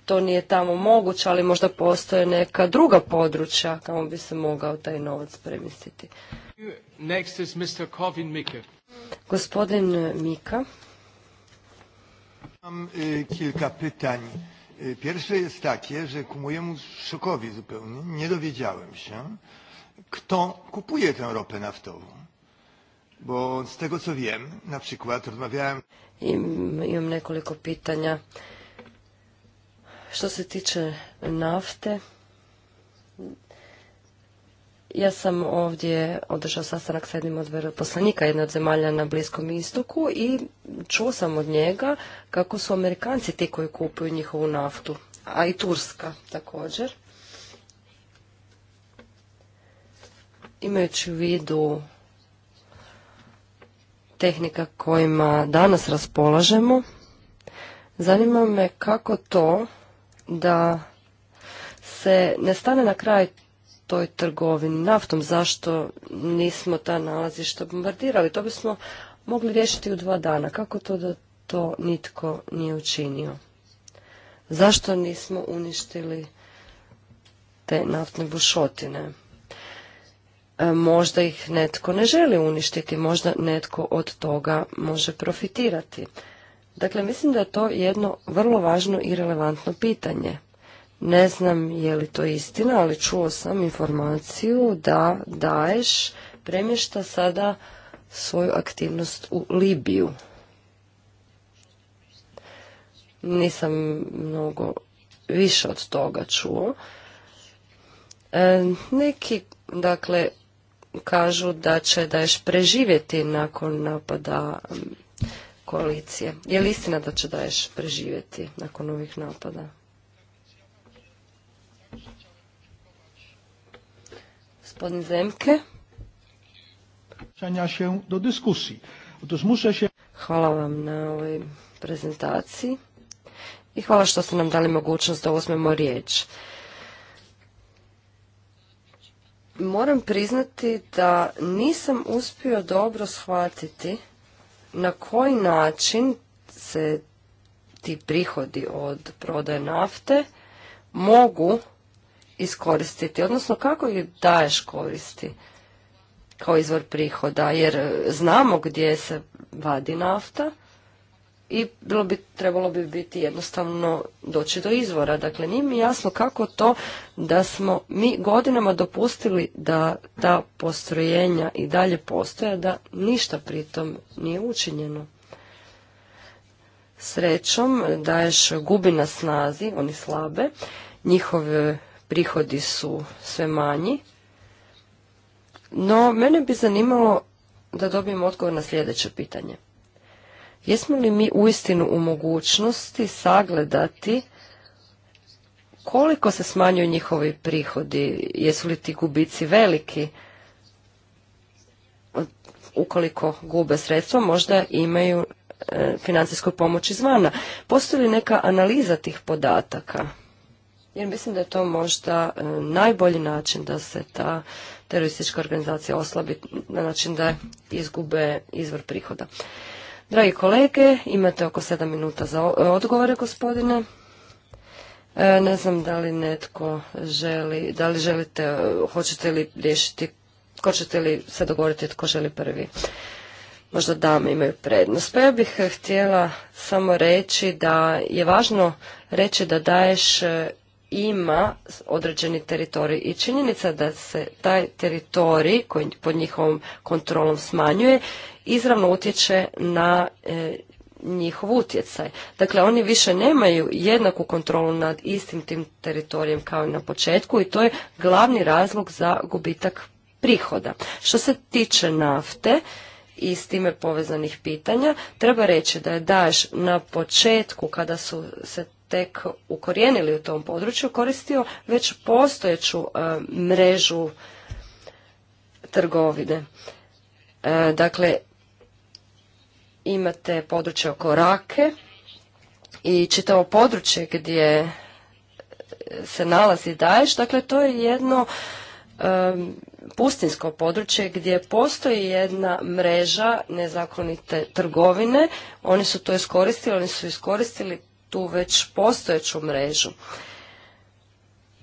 S3: to nije tamo moguće, ali možda postoje neka druga područja kamo bi se mogao taj novac premjestiti.
S1: Next is Mr. Kovin Mika.
S3: Gospodin Mika.
S4: Mam e, kilka pytań. E, pierwsze jest takie, że ku mojemu szokowi zupełnie nie dowiedziałem się, kto kupuje tę ropę naftową. Bo z tego co wiem, na przykład rozmawiałem... I, imam
S3: nekoliko pitanja. Što se tiče nafte, ja sam ovdje održao sastanak sa jednim od poslanika jedna od zemalja na Bliskom istoku i čuo sam od njega kako su Amerikanci ti koji kupuju njihovu naftu, a i Turska također. Imajući u vidu tehnika kojima danas raspolažemo, zanima me kako to da se ne stane na kraj toj trgovini naftom, zašto nismo ta nalazišta bombardirali. To bismo mogli riješiti u dva dana. Kako to da to nitko nije učinio? Zašto nismo uništili te naftne bušotine? E, možda ih netko ne želi uništiti, možda netko od toga može profitirati. Dakle, mislim da je to jedno vrlo važno i relevantno pitanje. Ne znam je li to istina, ali čuo sam informaciju da Daesh premješta sada svoju aktivnost u Libiju. Nisam mnogo više od toga čuo. E, neki, dakle, kažu da će Daesh preživjeti nakon napada koalicije. Je li istina da će Daješ preživjeti nakon ovih napada? Gospodin Zemke. Hvala vam na ovoj prezentaciji i hvala što ste nam dali mogućnost da uzmemo riječ. Moram priznati da nisam uspio dobro shvatiti na koji način se ti prihodi od prodaje nafte mogu iskoristiti, odnosno kako ih daješ koristi kao izvor prihoda, jer znamo gdje se vadi nafta, i bilo bi, trebalo bi biti jednostavno doći do izvora. Dakle, nije mi jasno kako to da smo mi godinama dopustili da ta postrojenja i dalje postoje, da ništa pritom nije učinjeno. Srećom, da gubi na snazi, oni slabe, njihove prihodi su sve manji. No, mene bi zanimalo da dobijem odgovor na sljedeće pitanje. Jesmo li mi uistinu u mogućnosti sagledati koliko se smanjuju njihovi prihodi? Jesu li ti gubici veliki? Ukoliko gube sredstva, možda imaju e, financijsku pomoć izvana. Postoji li neka analiza tih podataka? Jer mislim da je to možda e, najbolji način da se ta teroristička organizacija oslabi na način da izgube izvor prihoda. Dragi kolege, imate oko 7 minuta za e, odgovore, gospodine. E, ne znam da li netko želi, da li želite, hoćete li riješiti, hoćete li se dogovoriti tko želi prvi. Možda dame imaju prednost. Pa ja bih htjela samo reći da je važno reći da daješ e, ima određeni teritorij i činjenica da se taj teritorij koji pod njihovom kontrolom smanjuje izravno utječe na e, njihov utjecaj. Dakle, oni više nemaju jednaku kontrolu nad istim tim teritorijem kao i na početku i to je glavni razlog za gubitak prihoda. Što se tiče nafte i s time povezanih pitanja, treba reći da je daž na početku kada su se tek ukorijenili u tom području, koristio već postojeću e, mrežu trgovine. E, dakle, imate područje oko rake i čitavo područje gdje se nalazi daješ, dakle to je jedno e, pustinsko područje gdje postoji jedna mreža nezakonite trgovine, oni su to iskoristili, oni su iskoristili tu već postojeću mrežu.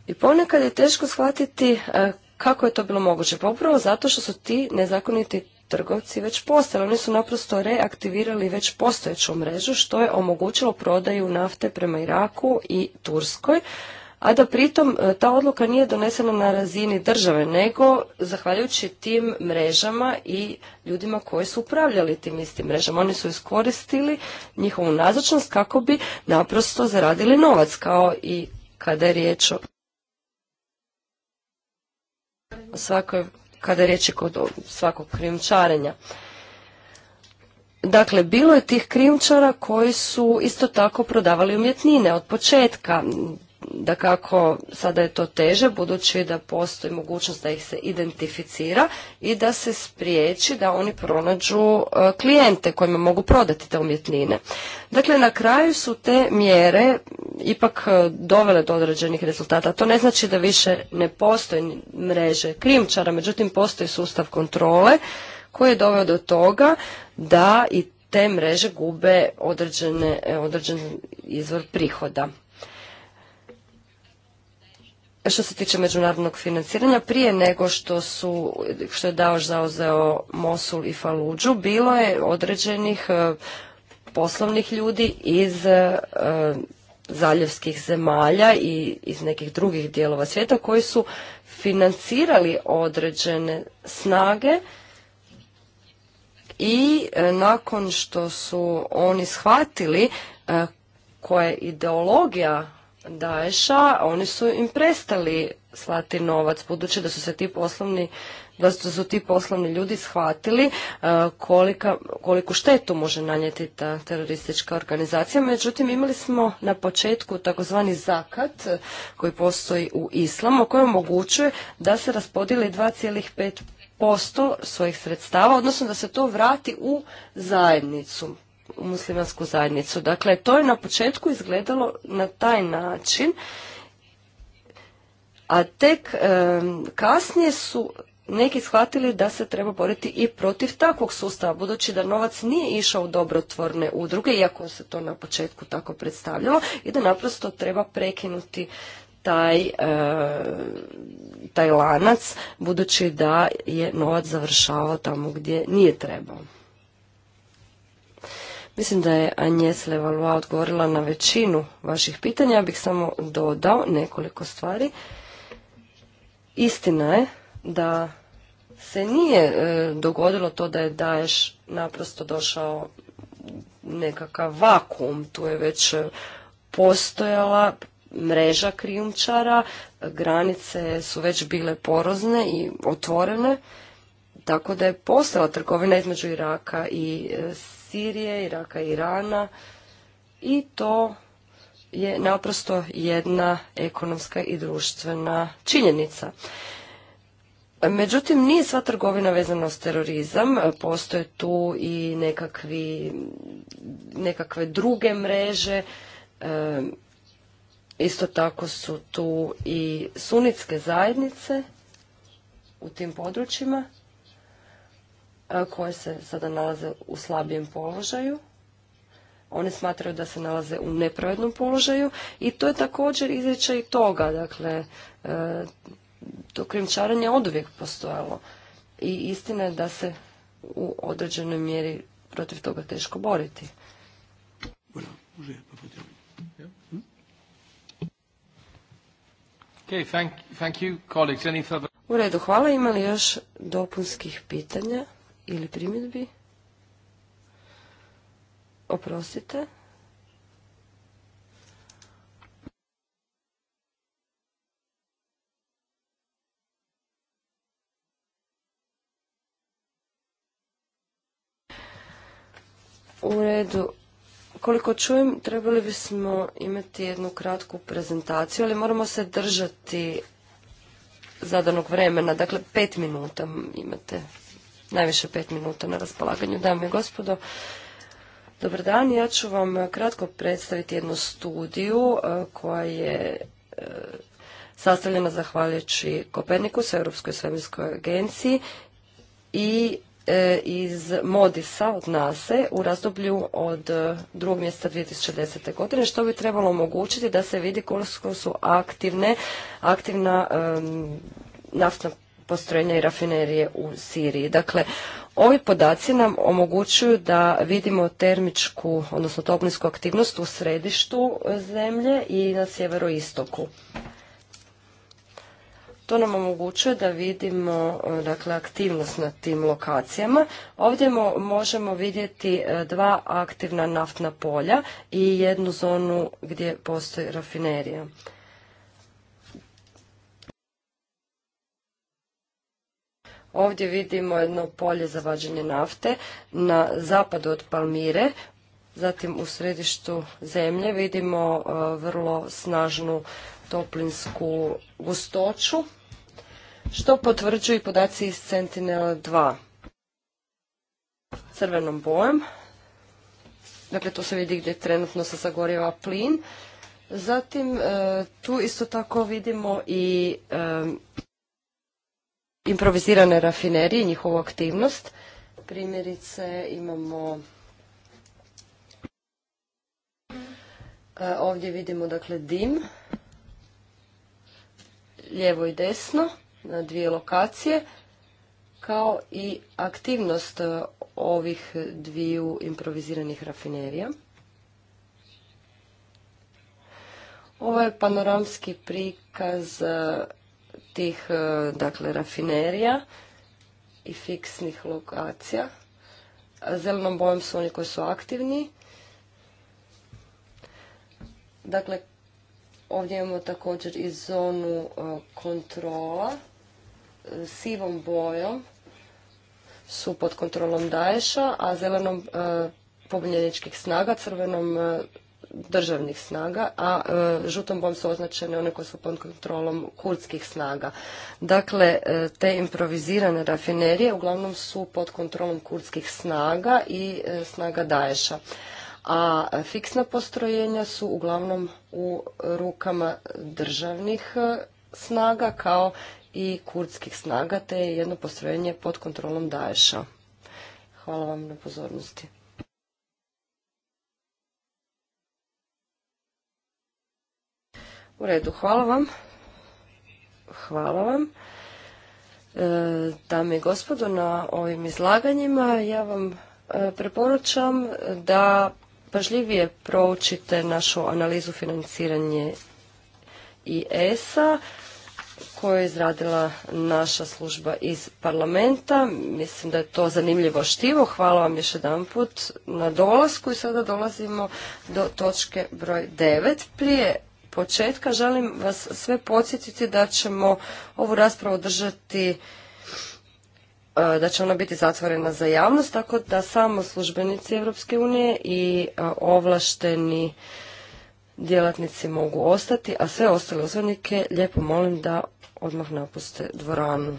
S3: I ponekad je teško shvatiti e, kako je to bilo moguće. Popravo pa zato što su ti nezakoniti trgovci već postali. Oni su naprosto reaktivirali već postojeću mrežu što je omogućilo prodaju nafte prema Iraku i Turskoj, a da pritom e, ta odluka nije donesena na razini države, nego zahvaljujući tim mrežama i ljudima koji su upravljali tim istim mrežama. Oni su iskoristili njihovu nazočnost kako bi naprosto zaradili novac, kao i kada je riječ o svakoj, kada je riječ kod svakog krijumčarenja. Dakle, bilo je tih krijumčara koji su isto tako prodavali umjetnine od početka da kako sada je to teže budući da postoji mogućnost da ih se identificira i da se spriječi da oni pronađu e, klijente kojima mogu prodati te umjetnine. Dakle, na kraju su te mjere ipak e, dovele do određenih rezultata. To ne znači da više ne postoji mreže krimčara, međutim postoji sustav kontrole koji je doveo do toga da i te mreže gube određene, e, određen izvor prihoda što se tiče međunarodnog financiranja, prije nego što, su, što je Daoš zauzeo Mosul i Faluđu, bilo je određenih e, poslovnih ljudi iz e, zaljevskih zemalja i iz nekih drugih dijelova svijeta koji su financirali određene snage i e, nakon što su oni shvatili koja je ideologija Daesha, oni su im prestali slati novac, budući da su se ti poslovni da su ti poslovni ljudi shvatili e, kolika, koliku štetu može nanijeti ta teroristička organizacija. Međutim, imali smo na početku takozvani zakat koji postoji u islamu, koji omogućuje da se raspodijeli 2,5% svojih sredstava, odnosno da se to vrati u zajednicu muslimansku zajednicu. Dakle, to je na početku izgledalo na taj način, a tek kasnije su neki shvatili da se treba boriti i protiv takvog sustava, budući da novac nije išao u dobrotvorne udruge, iako se to na početku tako predstavljalo, i da naprosto treba prekinuti taj, taj lanac, budući da je novac završavao tamo gdje nije trebao. Mislim da je Agnes Levalua odgovorila na većinu vaših pitanja. Ja bih samo dodao nekoliko stvari. Istina je da se nije e, dogodilo to da je Daješ naprosto došao nekakav vakuum. Tu je već e, postojala mreža krijumčara, granice su već bile porozne i otvorene, tako da je postala trgovina između Iraka i e, Sirije, Iraka i Irana i to je naprosto jedna ekonomska i društvena činjenica. Međutim, nije sva trgovina vezana uz terorizam, postoje tu i nekakvi, nekakve druge mreže, isto tako su tu i sunitske zajednice u tim područjima koje se sada nalaze u slabijem položaju. One smatraju da se nalaze u nepravednom položaju i to je također izrečaj toga. Dakle, e, to krimčaranje od uvijek postojalo. I istina je da se u određenoj mjeri protiv toga teško boriti. Hmm? U redu, hvala. Imali još dopunskih pitanja? ili primjedbi? Oprostite. U redu. Koliko čujem, trebali bismo imati jednu kratku prezentaciju, ali moramo se držati zadanog vremena. Dakle, pet minuta imate najviše pet minuta na raspolaganju. Dame i gospodo, dobar dan. Ja ću vam kratko predstaviti jednu studiju e, koja je e, sastavljena zahvaljujući Kopernikus, Europskoj svemirskoj agenciji i e, iz Modisa od NASA u razdoblju od drugog mjesta 2010. godine, što bi trebalo omogućiti da se vidi koliko su aktivne, aktivna um, postrojenja i rafinerije u Siriji. Dakle, ovi podaci nam omogućuju da vidimo termičku, odnosno toplinsku aktivnost u središtu zemlje i na sjeveroistoku. To nam omogućuje da vidimo dakle, aktivnost na tim lokacijama. Ovdje možemo vidjeti e, dva aktivna naftna polja i jednu zonu gdje postoji rafinerija. Ovdje vidimo jedno polje za vađenje nafte na zapadu od Palmire, zatim u središtu zemlje vidimo e, vrlo snažnu toplinsku gustoću, što potvrđuju i podaci iz Sentinel-2 crvenom bojem. Dakle, to se vidi gdje trenutno se zagorjeva plin. Zatim, e, tu isto tako vidimo i e, improvizirane rafinerije i njihovu aktivnost. Primjerice imamo e, ovdje vidimo dakle dim lijevo i desno na dvije lokacije kao i aktivnost e, ovih dviju improviziranih rafinerija. Ovo je panoramski prikaz tih e, dakle, rafinerija i fiksnih lokacija. Zelenom bojom su oni koji su aktivni. Dakle, ovdje imamo također i zonu e, kontrola. Sivom bojom su pod kontrolom Daješa, a zelenom e, pobunjeničkih snaga, crvenom državnih snaga, a e, žutom bom su označene one koje su pod kontrolom kurdskih snaga. Dakle, e, te improvizirane rafinerije uglavnom su pod kontrolom kurdskih snaga i e, snaga daješa. A fiksna postrojenja su uglavnom u rukama državnih snaga kao i kurdskih snaga, te jedno postrojenje pod kontrolom Daesha. Hvala vam na pozornosti. U redu, hvala vam. Hvala vam. E, dame i gospodo, na ovim izlaganjima ja vam e, preporučam da pažljivije proučite našu analizu financiranje IS-a e koju je izradila naša služba iz parlamenta. Mislim da je to zanimljivo štivo. Hvala vam još jedan put na dolasku i sada dolazimo do točke broj 9. Prije početka. Želim vas sve podsjetiti da ćemo ovu raspravu držati e, da će ona biti zatvorena za javnost, tako da samo službenici Europske unije i e, ovlašteni djelatnici mogu ostati, a sve ostale uzvanike lijepo molim da odmah napuste dvoranu.